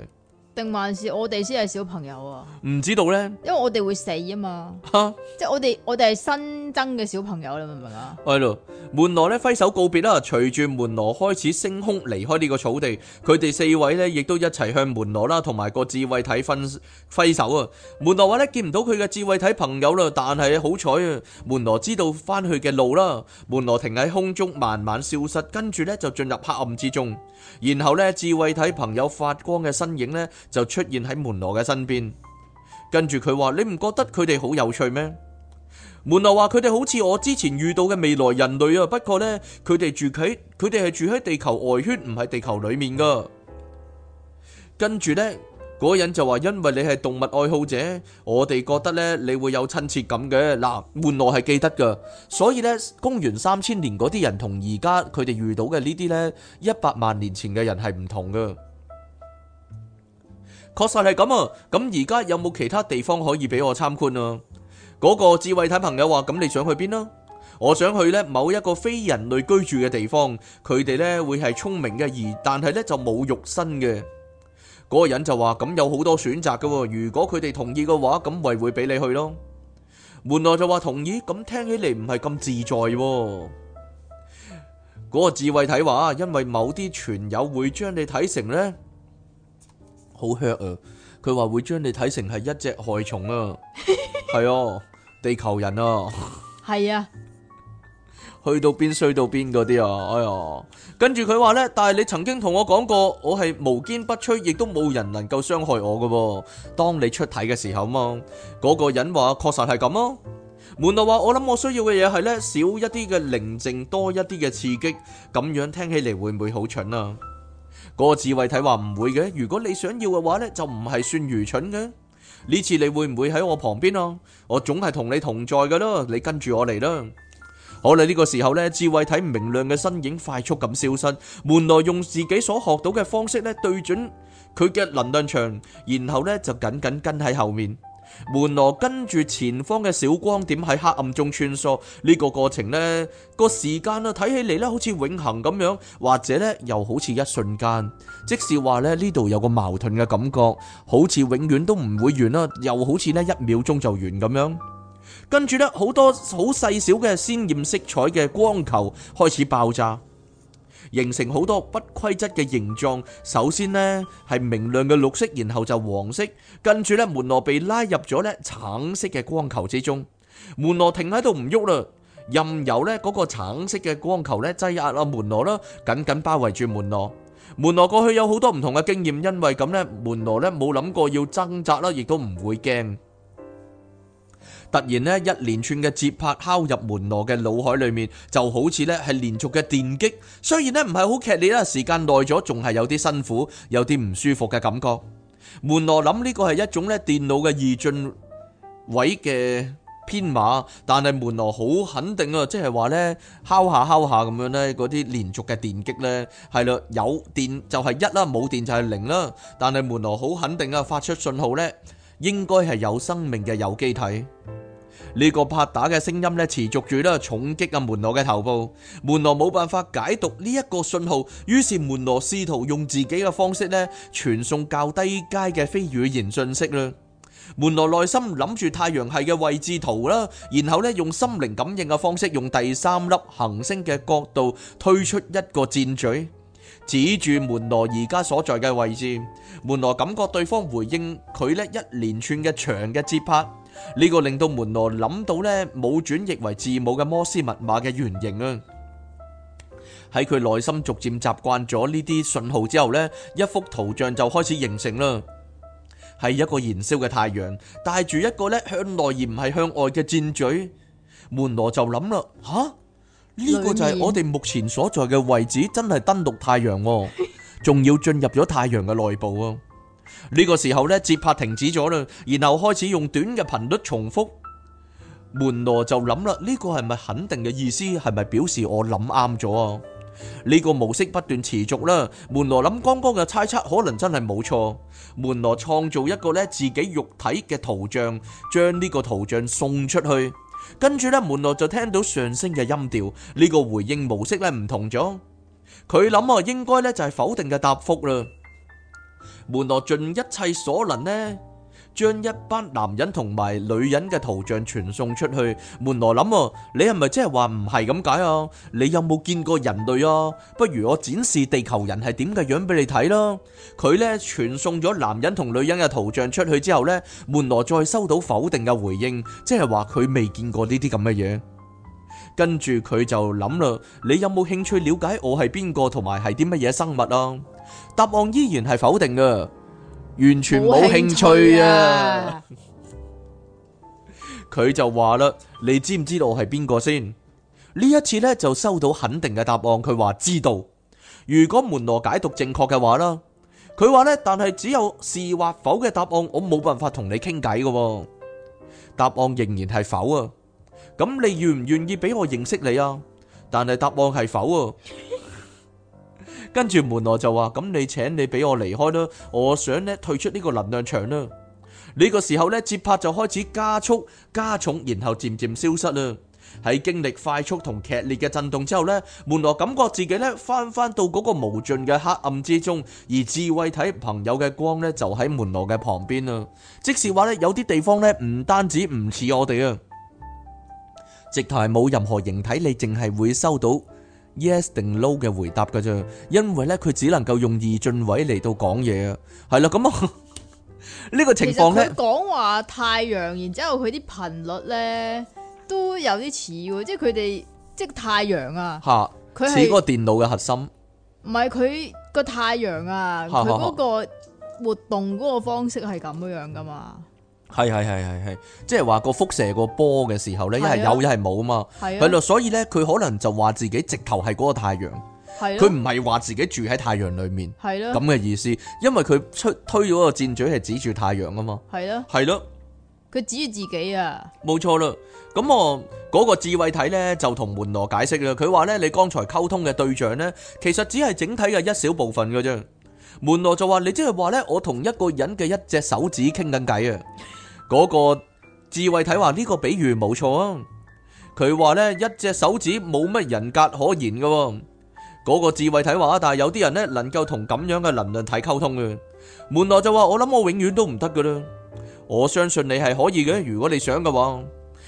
定還是我哋先係小朋友啊？唔知道呢，因為我哋會死啊嘛！哈即係我哋，我哋係新增嘅小朋友，你明唔明啊？係咯，門羅咧揮手告別啦，隨住門羅開始升空離開呢個草地，佢哋四位咧亦都一齊向門羅啦同埋個智慧體揮揮手啊！門羅話咧見唔到佢嘅智慧體朋友啦，但係好彩啊！門羅知道返去嘅路啦，門羅停喺空中慢慢消失，跟住咧就進入黑暗之中。然後呢，智慧體朋友發光嘅身影呢，就出現喺門羅嘅身邊。跟住佢話：你唔覺得佢哋好有趣咩？門羅話：佢哋好似我之前遇到嘅未來人類啊，不過呢，佢哋住喺，佢哋係住喺地球外圈，唔係地球裏面噶。跟住呢。嗰人就話，因為你係動物愛好者，我哋覺得咧你會有親切感嘅。嗱，換來係記得噶，所以咧，公元三千年嗰啲人同而家佢哋遇到嘅呢啲咧，一百萬年前嘅人係唔同噶。確實係咁啊。咁而家有冇其他地方可以俾我參觀啊？嗰個智慧體朋友話：咁你想去邊啊？我想去咧某一個非人類居住嘅地方，佢哋咧會係聰明嘅，而但係咧就冇肉身嘅。嗰個人就話：咁有好多選擇噶，如果佢哋同意嘅話，咁咪會俾你去咯。門內就話同意，咁聽起嚟唔係咁自在。嗰 <laughs> 個智慧體話：因為某啲傳友會將你睇成呢。好 heat 啊！佢話會將你睇成係一隻害蟲啊，係哦、 <laughs> 啊，地球人啊，係 <laughs> 啊。去到邊，衰到邊嗰啲啊！哎呀，跟住佢話呢。但係你曾經同我講過，我係無堅不摧，亦都冇人能夠傷害我噶噃。當你出體嘅時候嘛，嗰個人話確實係咁咯。門內話，我諗我需要嘅嘢係呢，少一啲嘅寧靜，多一啲嘅刺激，咁樣聽起嚟會唔會好蠢啊？嗰個智慧體話唔會嘅，如果你想要嘅話呢，就唔係算愚蠢嘅。呢次你會唔會喺我旁邊啊？我總係同你同在噶啦，你跟住我嚟啦。我哋呢個時候咧，智慧體明亮嘅身影快速咁消失。門羅用自己所學到嘅方式咧，對準佢嘅能量場，然後咧就緊緊跟喺後面。門羅跟住前方嘅小光點喺黑暗中穿梭。呢個過程咧，呢個時間啊，睇起嚟咧好似永恆咁樣，或者咧又好似一瞬間。即是話咧呢度有個矛盾嘅感覺，好似永遠都唔會完啦，又好似咧一秒鐘就完咁樣。跟住咧，好多好細小嘅鮮艷色彩嘅光球開始爆炸，形成好多不規則嘅形狀。首先呢，係明亮嘅綠色，然後就黃色。跟住咧，門羅被拉入咗咧橙色嘅光球之中。門羅停喺度唔喐啦，任由呢嗰個橙色嘅光球咧擠壓啊門羅啦，緊緊包圍住門羅。門羅過去有好多唔同嘅經驗，因為咁咧，門羅咧冇諗過要掙扎啦，亦都唔會驚。突然呢，一連串嘅節拍敲入門羅嘅腦海裏面，就好似呢係連續嘅電擊。雖然呢唔係好劇烈啦，時間耐咗仲係有啲辛苦，有啲唔舒服嘅感覺。門羅諗呢個係一種呢電腦嘅二進位嘅編碼，但係門羅好肯定啊，即係話呢敲下敲下咁樣呢，嗰啲連續嘅電擊呢係啦，有電就係一啦，冇電就係零啦。但係門羅好肯定啊，發出信號呢，應該係有生命嘅有機體。呢個拍打嘅聲音咧，持續住咧重擊阿門羅嘅頭部。門羅冇辦法解讀呢一個信號，於是門羅試圖用自己嘅方式咧，傳送較低階嘅非語言信息啦。門羅內心諗住太陽系嘅位置圖啦，然後咧用心靈感應嘅方式，用第三粒行星嘅角度推出一個箭嘴。指住門羅而家所在嘅位置，門羅感覺對方回應佢咧一連串嘅長嘅節拍，呢個令到門羅諗到咧冇轉譯為字母嘅摩斯密碼嘅原型啊！喺佢內心逐漸習慣咗呢啲信號之後咧，一幅圖像就開始形成啦，係一個燃燒嘅太陽，帶住一個咧向內而唔係向外嘅箭嘴，門羅就諗啦吓。呢個就係我哋目前所在嘅位置，真係登陸太陽喎，仲要進入咗太陽嘅內部啊！呢個時候呢，節拍停止咗啦，然後開始用短嘅頻率重複。門羅就諗啦，呢個係咪肯定嘅意思？係咪表示我諗啱咗啊？呢個模式不斷持續啦。門羅諗剛剛嘅猜測可能真係冇錯。門羅創造一個呢自己肉體嘅圖像，將呢個圖像送出去。跟住咧，門羅就聽到上升嘅音調，呢、這個回應模式咧唔同咗。佢諗啊，應該咧就係否定嘅答覆啦。門羅盡一切所能呢。將一班男人同埋女人嘅圖像傳送出去，門羅諗哦，你係咪真係話唔係咁解啊？你有冇見過人類啊？不如我展示地球人係點嘅樣俾你睇啦。佢咧傳送咗男人同女人嘅圖像出去之後咧，門羅再收到否定嘅回應，即係話佢未見過呢啲咁嘅嘢。跟住佢就諗啦，你有冇興趣了解我係邊個同埋係啲乜嘢生物啊？答案依然係否定嘅。完全冇興趣啊！佢 <laughs> 就話啦，你知唔知道我係邊個先？呢一次呢，就收到肯定嘅答案，佢話知道。如果門羅解讀正確嘅話啦，佢話呢，但係只有是或否嘅答案，我冇辦法同你傾偈嘅。答案仍然係否啊！咁你願唔願意俾我認識你啊？但係答案係否啊？跟住門羅就話：咁你請你俾我離開啦，我想咧退出呢個能量場啦。呢個時候咧，節拍就開始加速加重，然後漸漸消失啦。喺經歷快速同劇烈嘅震動之後咧，門羅感覺自己咧翻翻到嗰個無盡嘅黑暗之中，而智慧體朋友嘅光呢就喺門羅嘅旁邊啦。即是話呢，有啲地方呢唔單止唔似我哋啊，直頭冇任何形體，你淨係會收到，yes 定 no 嘅回答噶啫，因為咧佢只能夠用二進位嚟到講嘢啊，係啦咁啊呢個情況咧，講話太陽，然之後佢啲頻率咧都有啲似，即係佢哋即係太陽啊，似嗰個電腦嘅核心，唔係佢個太陽啊，佢嗰個活動嗰個方式係咁樣樣噶嘛。係係係係係，即係話個輻射個波嘅時候呢，一係有一係冇啊嘛，係咯，所以呢，佢可能就話自己直頭係嗰個太陽，佢唔係話自己住喺太陽裏面，咁嘅意思，因為佢出推咗個箭嘴係指住太陽啊嘛，係咯，係咯，佢指住自己啊，冇錯啦，咁我嗰個智慧體呢，就同門羅解釋啦，佢話呢，你剛才溝通嘅對象呢，其實只係整體嘅一小部分噶啫。門羅就話：你即係話呢，我同一個人嘅一隻手指傾緊偈啊！嗰、那個智慧體話呢個比喻冇錯啊！佢話呢，一隻手指冇乜人格可言噶。嗰、那個智慧體話，但係有啲人呢，能夠同咁樣嘅能量體溝通嘅。門羅就話：我諗我永遠都唔得噶啦！我相信你係可以嘅，如果你想嘅話。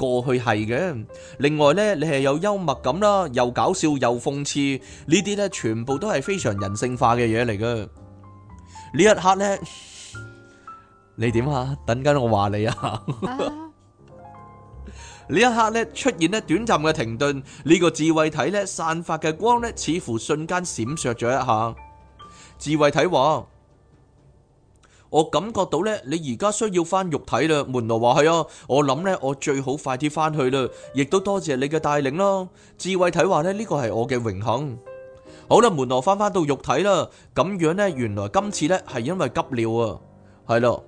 過去係嘅，另外呢，你係有幽默感啦，又搞笑又諷刺，呢啲呢，全部都係非常人性化嘅嘢嚟嘅。呢一刻呢，你點啊？等緊我話你啊！呢、 <laughs> 啊、一刻呢，出現呢短暫嘅停頓，呢、這個智慧體呢，散發嘅光呢，似乎瞬間閃爍咗一下。智慧體話。我感覺到咧，你而家需要翻肉體啦。門羅話係啊，我諗咧，我最好快啲翻去啦。亦都多謝你嘅帶領咯。智慧體話咧，呢個係我嘅榮幸。好啦，門羅翻翻到肉體啦，咁樣咧，原來今次咧係因為急尿啊，係咯。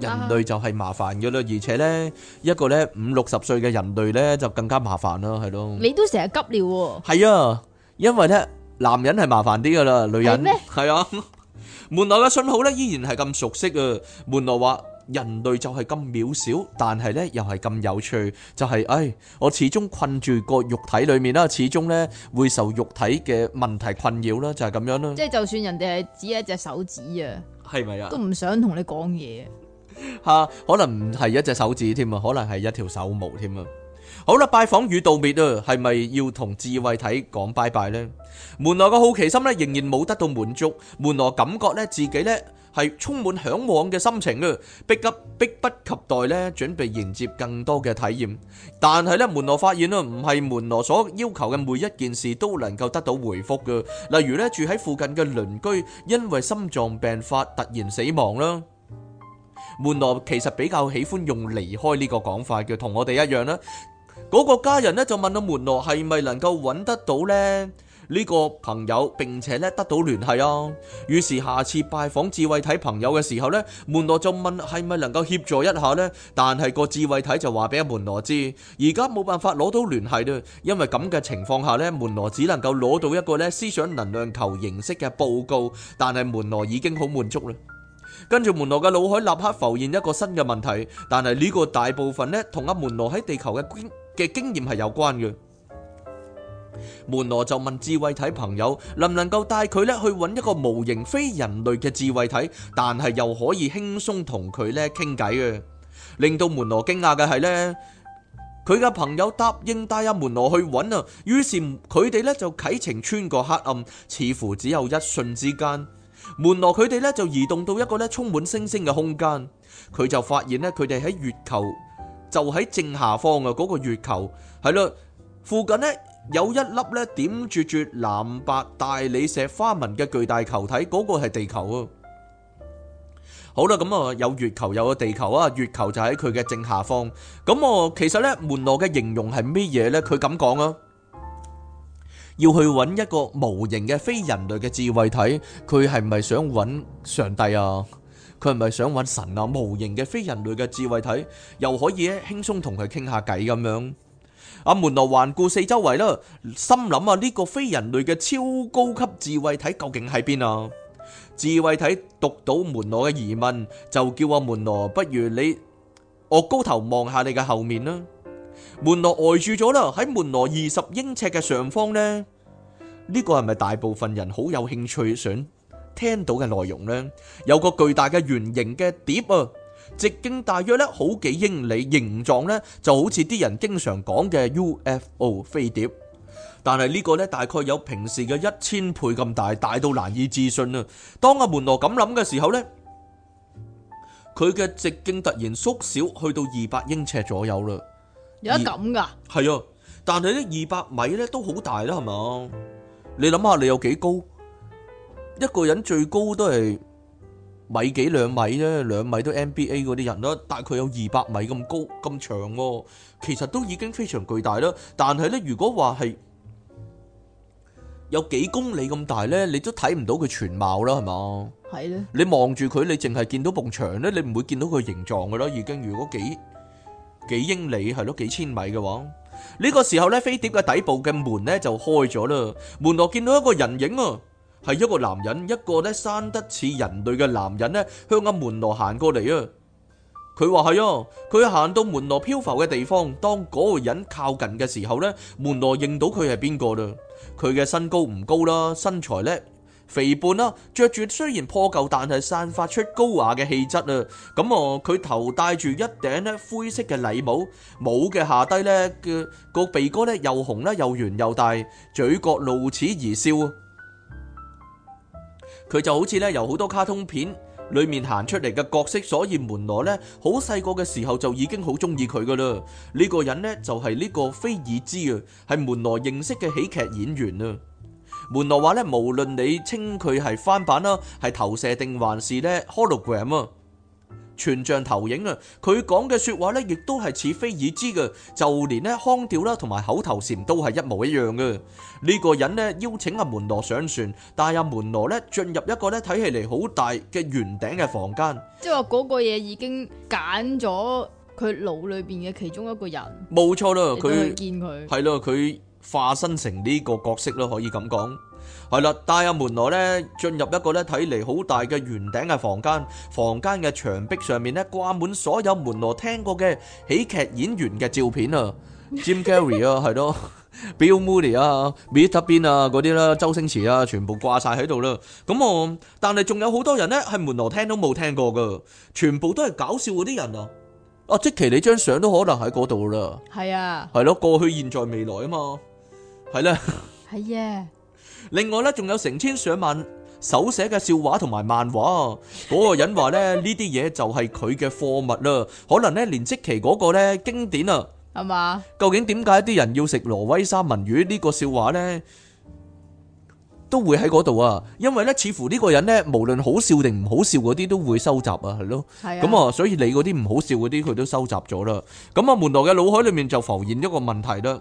人類就係麻煩噶啦，而且咧一個咧五六十歲嘅人類咧就更加麻煩啦，係咯。你都成日急尿。係啊，因為咧男人係麻煩啲噶啦，女人係啊。門內嘅信號咧依然係咁熟悉啊！門內話人類就係咁渺小，但係咧又係咁有趣，就係、是、唉，我始終困住個肉體裏面啦，始終咧會受肉體嘅問題困擾啦，就係、是、咁樣啦。即係就算人哋係指一隻手指是是啊，係咪啊？都唔想同你講嘢。吓，可能唔係一隻手指添啊，可能係一條手毛添啊。好啦，拜訪與道別啊，係咪要同智慧體講拜拜呢？門羅嘅好奇心呢仍然，冇得到滿足，門羅感覺呢自己呢係充滿向往嘅心情啊，迫急迫不及待呢準備迎接更多嘅體驗。但係呢，門羅發現啊，唔係門羅所要求嘅每一件事都能夠得到回覆嘅，例如呢住喺附近嘅鄰居因為心臟病發突然死亡啦。門羅其實比較喜歡用離開呢個講法嘅，同我哋一樣啦。嗰個家人咧就問到門羅係咪能夠揾得到咧呢個朋友，並且咧得到聯繫啊？於是下次拜訪智慧體朋友嘅時候咧，門羅就問係咪能夠協助一下咧？但係個智慧體就話俾阿門羅知，而家冇辦法攞到聯繫啦，因為咁嘅情況下咧，門羅只能夠攞到一個咧思想能量球形式嘅報告，但係門羅已經好滿足啦。跟住門羅嘅腦海立刻浮現一個新嘅問題，但係呢個大部分咧同阿門羅喺地球嘅。嘅經驗係有關嘅，門羅就問智慧體朋友能唔能夠帶佢咧去搵一個無形非人類嘅智慧體，但係又可以輕鬆同佢咧傾偈嘅，令到門羅驚訝嘅係呢，佢嘅朋友答應帶阿門羅去搵啊，於是佢哋咧就啟程穿過黑暗，似乎只有一瞬之間，門羅佢哋咧就移動到一個咧充滿星星嘅空間，佢就發現呢佢哋喺月球。就喺正下方啊嗰個月球，係咯，附近咧有一粒咧點綴住藍白大理石花紋嘅巨大球體，嗰個係地球啊！好啦，咁啊有月球有個地球啊，月球就喺佢嘅正下方。咁我其實咧門羅嘅形容係咩嘢咧？佢咁講啊，要去揾一個無形嘅非人類嘅智慧體，佢係咪想揾上帝啊？佢係咪想揾神啊？無形嘅非人類嘅智慧體，又可以輕鬆同佢傾下偈咁樣。阿門羅環顧四周圍啦，心諗啊，呢個非人類嘅超高級智慧體究竟喺邊啊？智慧體讀到門羅嘅疑問，就叫阿門羅，不如你昂高頭望下你嘅後面啦。門羅呆住咗啦，喺門羅二十英尺嘅上方呢，呢、呢個係咪大部分人好有興趣想？聽到嘅內容呢，有個巨大嘅圓形嘅碟啊，直徑大約咧好幾英里，形狀呢就好似啲人經常講嘅 UFO 飛碟。但係呢個呢，大概有平時嘅一千倍咁大，大到難以置信啊！當阿門羅咁諗嘅時候呢，佢嘅直徑突然縮小去到二百英尺左右啦。有得咁噶？係啊，但係呢，二百米呢都好大啦，係嘛？你諗下，你有幾高？一個人最高都係米幾兩米啫，兩米都 NBA 嗰啲人啦。但係佢有二百米咁高咁長，其實都已經非常巨大啦。但係咧，如果話係有幾公里咁大咧，你都睇唔到佢全貌啦，係嘛？係咧。你望住佢，你淨係見到埲牆咧，你唔會見到佢形狀噶啦。已經如果幾幾英里係咯，幾千米嘅話，呢個時候咧，飛碟嘅底部嘅門咧就開咗啦。門外見到一個人影啊！係一個男人，一個咧生得似人類嘅男人咧，向阿門羅行過嚟啊！佢話係啊，佢行到門羅漂浮嘅地方，當嗰個人靠近嘅時候咧，門羅認到佢係邊個啦。佢嘅身高唔高啦，身材咧肥胖啦，着住雖然破舊，但係散發出高雅嘅氣質啊！咁啊，佢頭戴住一頂咧灰色嘅禮帽，帽嘅下低咧嘅個鼻哥咧又紅啦，又圓又大，嘴角露齒而笑。佢就好似咧由好多卡通片裏面行出嚟嘅角色，所以門羅咧好細個嘅時候就已經好中意佢噶啦。呢、這個人咧就係呢個菲爾茲啊，係門羅認識嘅喜劇演員啊。門羅話咧，無論你稱佢係翻版啦，係投射定還是咧 Hologram 啊。全像投影啊！佢講嘅說話咧，亦都係似非已知嘅，就連咧腔調啦同埋口頭禪都係一模一樣嘅。呢個人咧邀請阿門羅上船，帶阿門羅咧進入一個咧睇起嚟好大嘅圓頂嘅房間。即係話嗰個嘢已經揀咗佢腦裏邊嘅其中一個人。冇錯啦，佢見佢係咯，佢化身成呢個角色咯，可以咁講。係啦，帶阿門羅咧，進入一個咧睇嚟，好大嘅圓頂嘅房間。房間嘅牆壁上面咧掛滿所有門羅聽過嘅喜劇演員嘅照片啊，Jim Carrey <laughs> 啊，係咯，Bill Murray 啊，Mittabbin 啊、嗰啲啦，周星馳啊，全部掛晒喺度啦。咁啊，但係仲有好多人咧，係門羅聽都冇聽過噶，全部都係搞笑嗰啲人啊。啊， <laughs> 啊、即其你張相都可能喺嗰度啦。係啊。係咯，過去、現在、未來啊嘛。係啦。係耶。另外咧，仲有成千上萬手寫嘅笑話同埋漫畫。嗰個人話咧，呢啲嘢就係佢嘅貨物啦。可能咧，連即期嗰個咧經典啊，係嘛？究竟點解啲人要食挪威三文魚呢個笑話咧，都會喺嗰度啊？因為咧，似乎呢個人咧，無論好笑定唔好笑嗰啲，都會收集啊，係咯。係啊。咁啊，所以你嗰啲唔好笑嗰啲，佢都收集咗啦。咁啊，門羅嘅腦海裏面就浮現一個問題啦。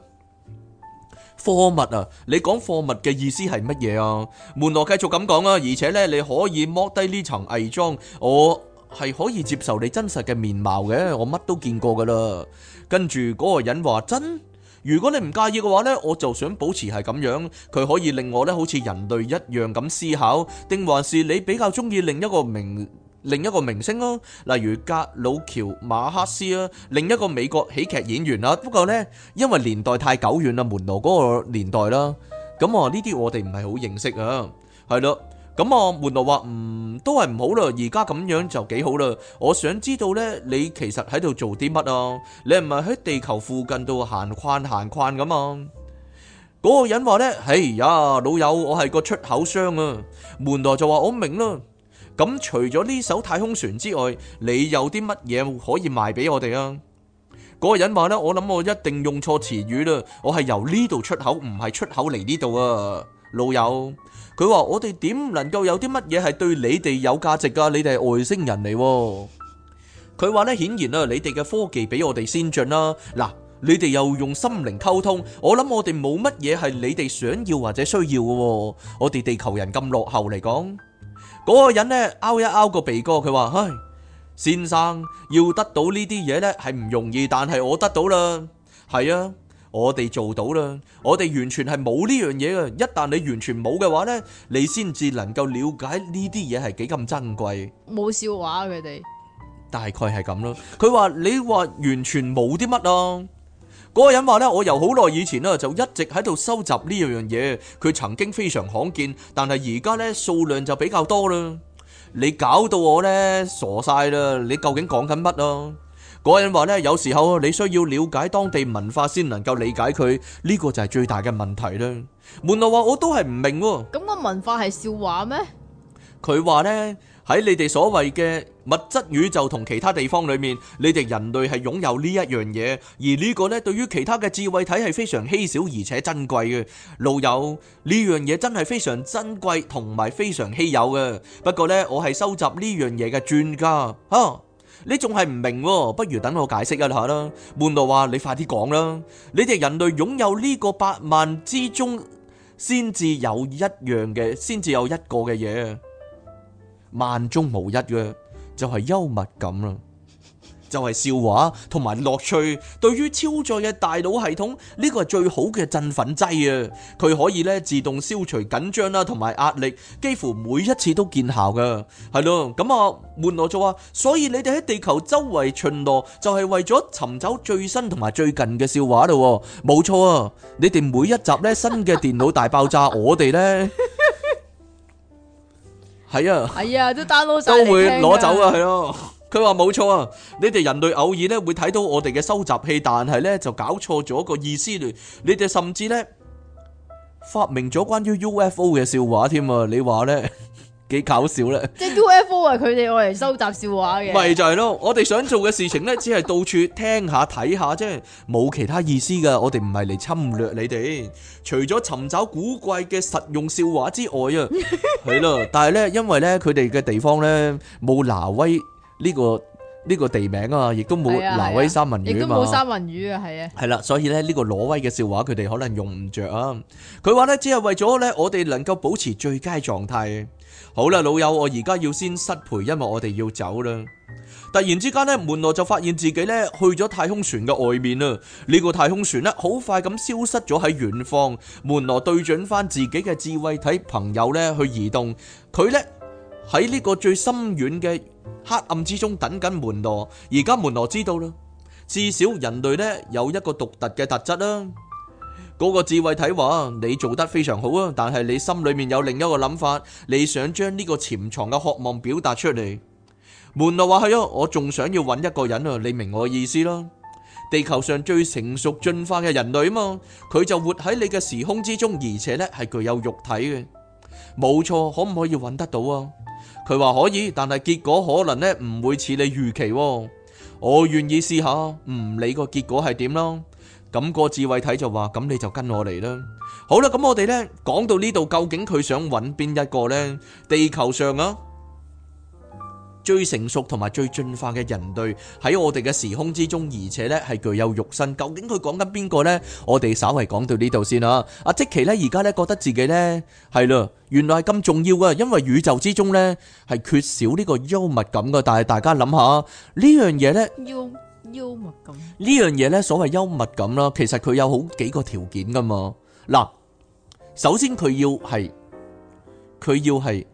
貨物啊！你講貨物嘅意思係乜嘢啊？門羅繼續咁講啊。而且呢，你可以剝低呢層偽裝，我係可以接受你真實嘅面貌嘅，我乜都見過噶啦。跟住嗰個人話真？如果你唔介意嘅話呢，我就想保持係咁樣，佢可以令我呢好似人類一樣咁思考，定還是你比較中意另一個名？另一個明星咯，例如格魯喬馬克斯啦，另一個美國喜劇演員啦。不過咧，因為年代太久遠啦，門羅嗰個年代啦，咁啊呢啲我哋唔係好認識啊。係咯，咁啊門羅話唔都係唔好啦，而家咁樣就幾好啦。我想知道咧，你其實喺度做啲乜啊？你唔係喺地球附近度行框行框噶嘛？嗰個人話咧，哎呀，老友，我係個出口商啊。門羅就話：我明啦。咁除咗呢艘太空船之外，你有啲乜嘢可以賣俾我哋啊？嗰、那個人話呢，我諗我一定用錯詞語啦。我係由呢度出口，唔係出口嚟呢度啊，老友。佢話，我哋點能夠有啲乜嘢係對你哋有價值噶？你哋係外星人嚟。佢話呢，顯然啦，你哋嘅科技比我哋先進啦。嗱，你哋又用心靈溝通，我諗我哋冇乜嘢係你哋想要或者需要嘅。我哋地球人咁落後嚟講。嗰個人咧，勾一勾個鼻哥，佢話：唉，先生，要得到呢啲嘢呢，係唔容易，但係我得到啦，係啊，我哋做到啦，我哋完全係冇呢樣嘢啊。一旦你完全冇嘅話呢，你先至能夠了解呢啲嘢係幾咁珍貴。冇笑話，佢哋大概係咁咯。佢話，你話完全冇啲乜啊？嗰個人話咧，我由好耐以前啦，就一直喺度收集呢樣樣嘢。佢曾經非常罕見，但係而家呢，數量就比較多啦。你搞到我呢，傻晒！啦！你究竟講緊乜咯？嗰個人話呢，有時候你需要了解當地文化先能夠理解佢，呢個就係最大嘅問題啦。門內話我都係唔明喎。咁個文化係笑話咩？佢話呢。喺你哋所謂嘅物質宇宙同其他地方裏面，你哋人類係擁有呢一樣嘢，而呢個咧對於其他嘅智慧體係非常稀少而且珍貴嘅，老友，呢樣嘢真係非常珍貴同埋非常稀有嘅。不過呢，我係收集呢樣嘢嘅專家，吓、啊、你仲係唔明，不如等我解釋一下啦。悶到，話你快啲講啦，你哋人類擁有呢個百萬之中先至有一樣嘅，先至有一個嘅嘢。萬中無一嘅就係、是、幽默感啦， <laughs> 就係笑話同埋樂趣。對於超載嘅大腦系統，呢、這個係最好嘅振奮劑啊！佢可以咧自動消除緊張啦，同埋壓力，幾乎每一次都見效噶。係咯，咁啊，門羅就話：，所以你哋喺地球周圍巡邏，就係、是、為咗尋找最新同埋最近嘅笑話啦。冇錯啊！你哋每一集呢，新嘅電腦大爆炸，我哋呢。 <laughs> 係啊，係啊，都 download 晒嚟聽嘅。都會攞走啊，係咯。佢話冇錯啊，你哋人類偶爾咧會睇到我哋嘅收集器，但係咧就搞錯咗個意思嚟。你哋甚至咧發明咗關於 UFO 嘅笑話添啊，你話咧？幾搞笑咧！即係 UFO 啊，佢哋愛嚟收集笑話嘅，咪就係咯。我哋想做嘅事情咧，只係到處聽下睇下，即係冇其他意思噶。我哋唔係嚟侵略你哋，除咗尋找古怪嘅實用笑話之外啊，係啦。但係咧，因為咧佢哋嘅地方咧冇挪威呢個呢個地名啊，亦都冇挪威三文魚啊，亦都冇三文魚啊，係啊，係啦，所以咧呢個挪威嘅笑話佢哋可能用唔着啊。佢話咧，只係為咗咧我哋能夠保持最佳狀態。好啦，老友，我而家要先失陪，因為我哋要走啦。突然之間咧，門羅就發現自己咧去咗太空船嘅外面啦。呢個太空船咧，好快咁消失咗喺遠方。門羅對準翻自己嘅智慧體朋友咧去移動，佢咧喺呢個最深遠嘅黑暗之中等緊門羅。而家門羅知道啦，至少人類咧有一個獨特嘅特質啦。嗰個智慧體話：你做得非常好啊，但係你心裏面有另一個諗法，你想將呢個潛藏嘅渴望表達出嚟。門路話係啊，我仲想要揾一個人啊，你明我意思啦。地球上最成熟進化嘅人類啊嘛，佢就活喺你嘅時空之中，而且呢係具有肉體嘅。冇錯，可唔可以揾得到啊？佢話可以，但係結果可能呢唔會似你預期。我願意試下，唔理個結果係點咯。咁個智慧體就話，咁你就跟我嚟啦。好啦，咁我哋呢講到呢度，究竟佢想揾邊一個呢？地球上啊，最成熟同埋最進化嘅人類喺我哋嘅時空之中，而且呢係具有肉身。究竟佢講緊邊個呢？我哋稍為講到呢度先啦。阿即奇呢，而家呢覺得自己呢係咯，原來係咁重要噶因為宇宙之中呢係缺少呢個幽默感噶但係大家諗下呢樣嘢呢。幽默感呢樣嘢咧，所謂幽默感啦，其實佢有好幾個條件噶嘛。嗱，首先佢要係佢要係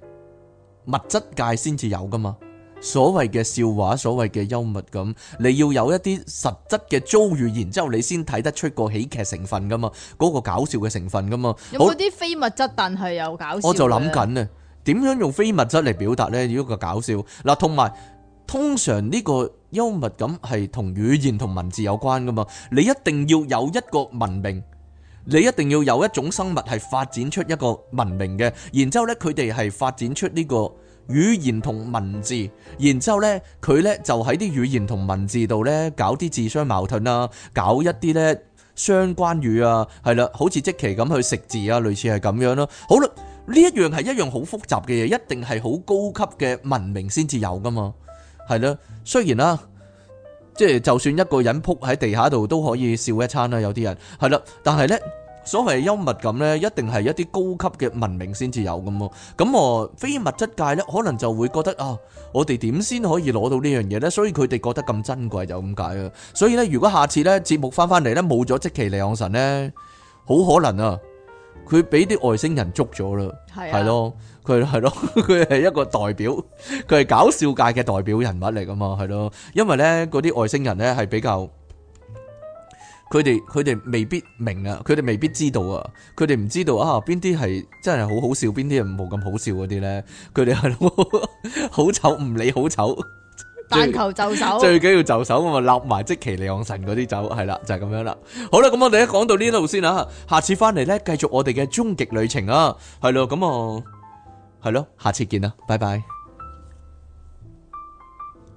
物質界先至有噶嘛。所謂嘅笑話，所謂嘅幽默感，你要有一啲實質嘅遭遇，然之後你先睇得出個喜劇成分噶嘛，嗰個搞笑嘅成分噶嘛。有冇啲非物質但係又搞笑？我就諗緊啊，點樣用非物質嚟表達咧？如果個搞笑嗱，同埋通常呢個。幽默感係同語言同文字有關噶嘛？你一定要有一個文明，你一定要有一種生物係發展出一個文明嘅，然之後呢佢哋係發展出呢個語言同文字，然之後呢佢呢就喺啲語言同文字度呢搞啲自相矛盾啊，搞一啲呢雙關語啊，係啦，好似即期咁去食字啊，類似係咁樣咯。好啦，呢一樣係一樣好複雜嘅嘢，一定係好高級嘅文明先至有噶嘛。係啦，雖然啦，即係就算一個人撲喺地下度都可以笑一餐啦，有啲人係啦，但係咧，所謂幽默感咧，一定係一啲高級嘅文明先至有咁喎。咁啊，非物質界咧，可能就會覺得啊，我哋點先可以攞到呢樣嘢咧？所以佢哋覺得咁珍貴就咁解啊。所以咧，如果下次咧節目翻翻嚟咧，冇咗即期嚟養神咧，好可能啊。佢俾啲外星人捉咗啦，係咯、啊，佢係咯，佢係一個代表，佢係搞笑界嘅代表人物嚟噶嘛，係咯，因為咧嗰啲外星人咧係比較，佢哋佢哋未必明啊，佢哋未必知道,知道啊，佢哋唔知道啊，邊啲係真係好好笑，邊啲係冇咁好笑嗰啲咧，佢哋係好醜，唔理好醜。但求就手，最緊要就手，我咪立埋即其利往神嗰啲走，係啦，就係咁樣啦。好啦，咁我哋一講到呢度先啦，下次翻嚟咧繼續我哋嘅終極旅程啊，係咯，咁啊，係咯，下次見啦，拜拜。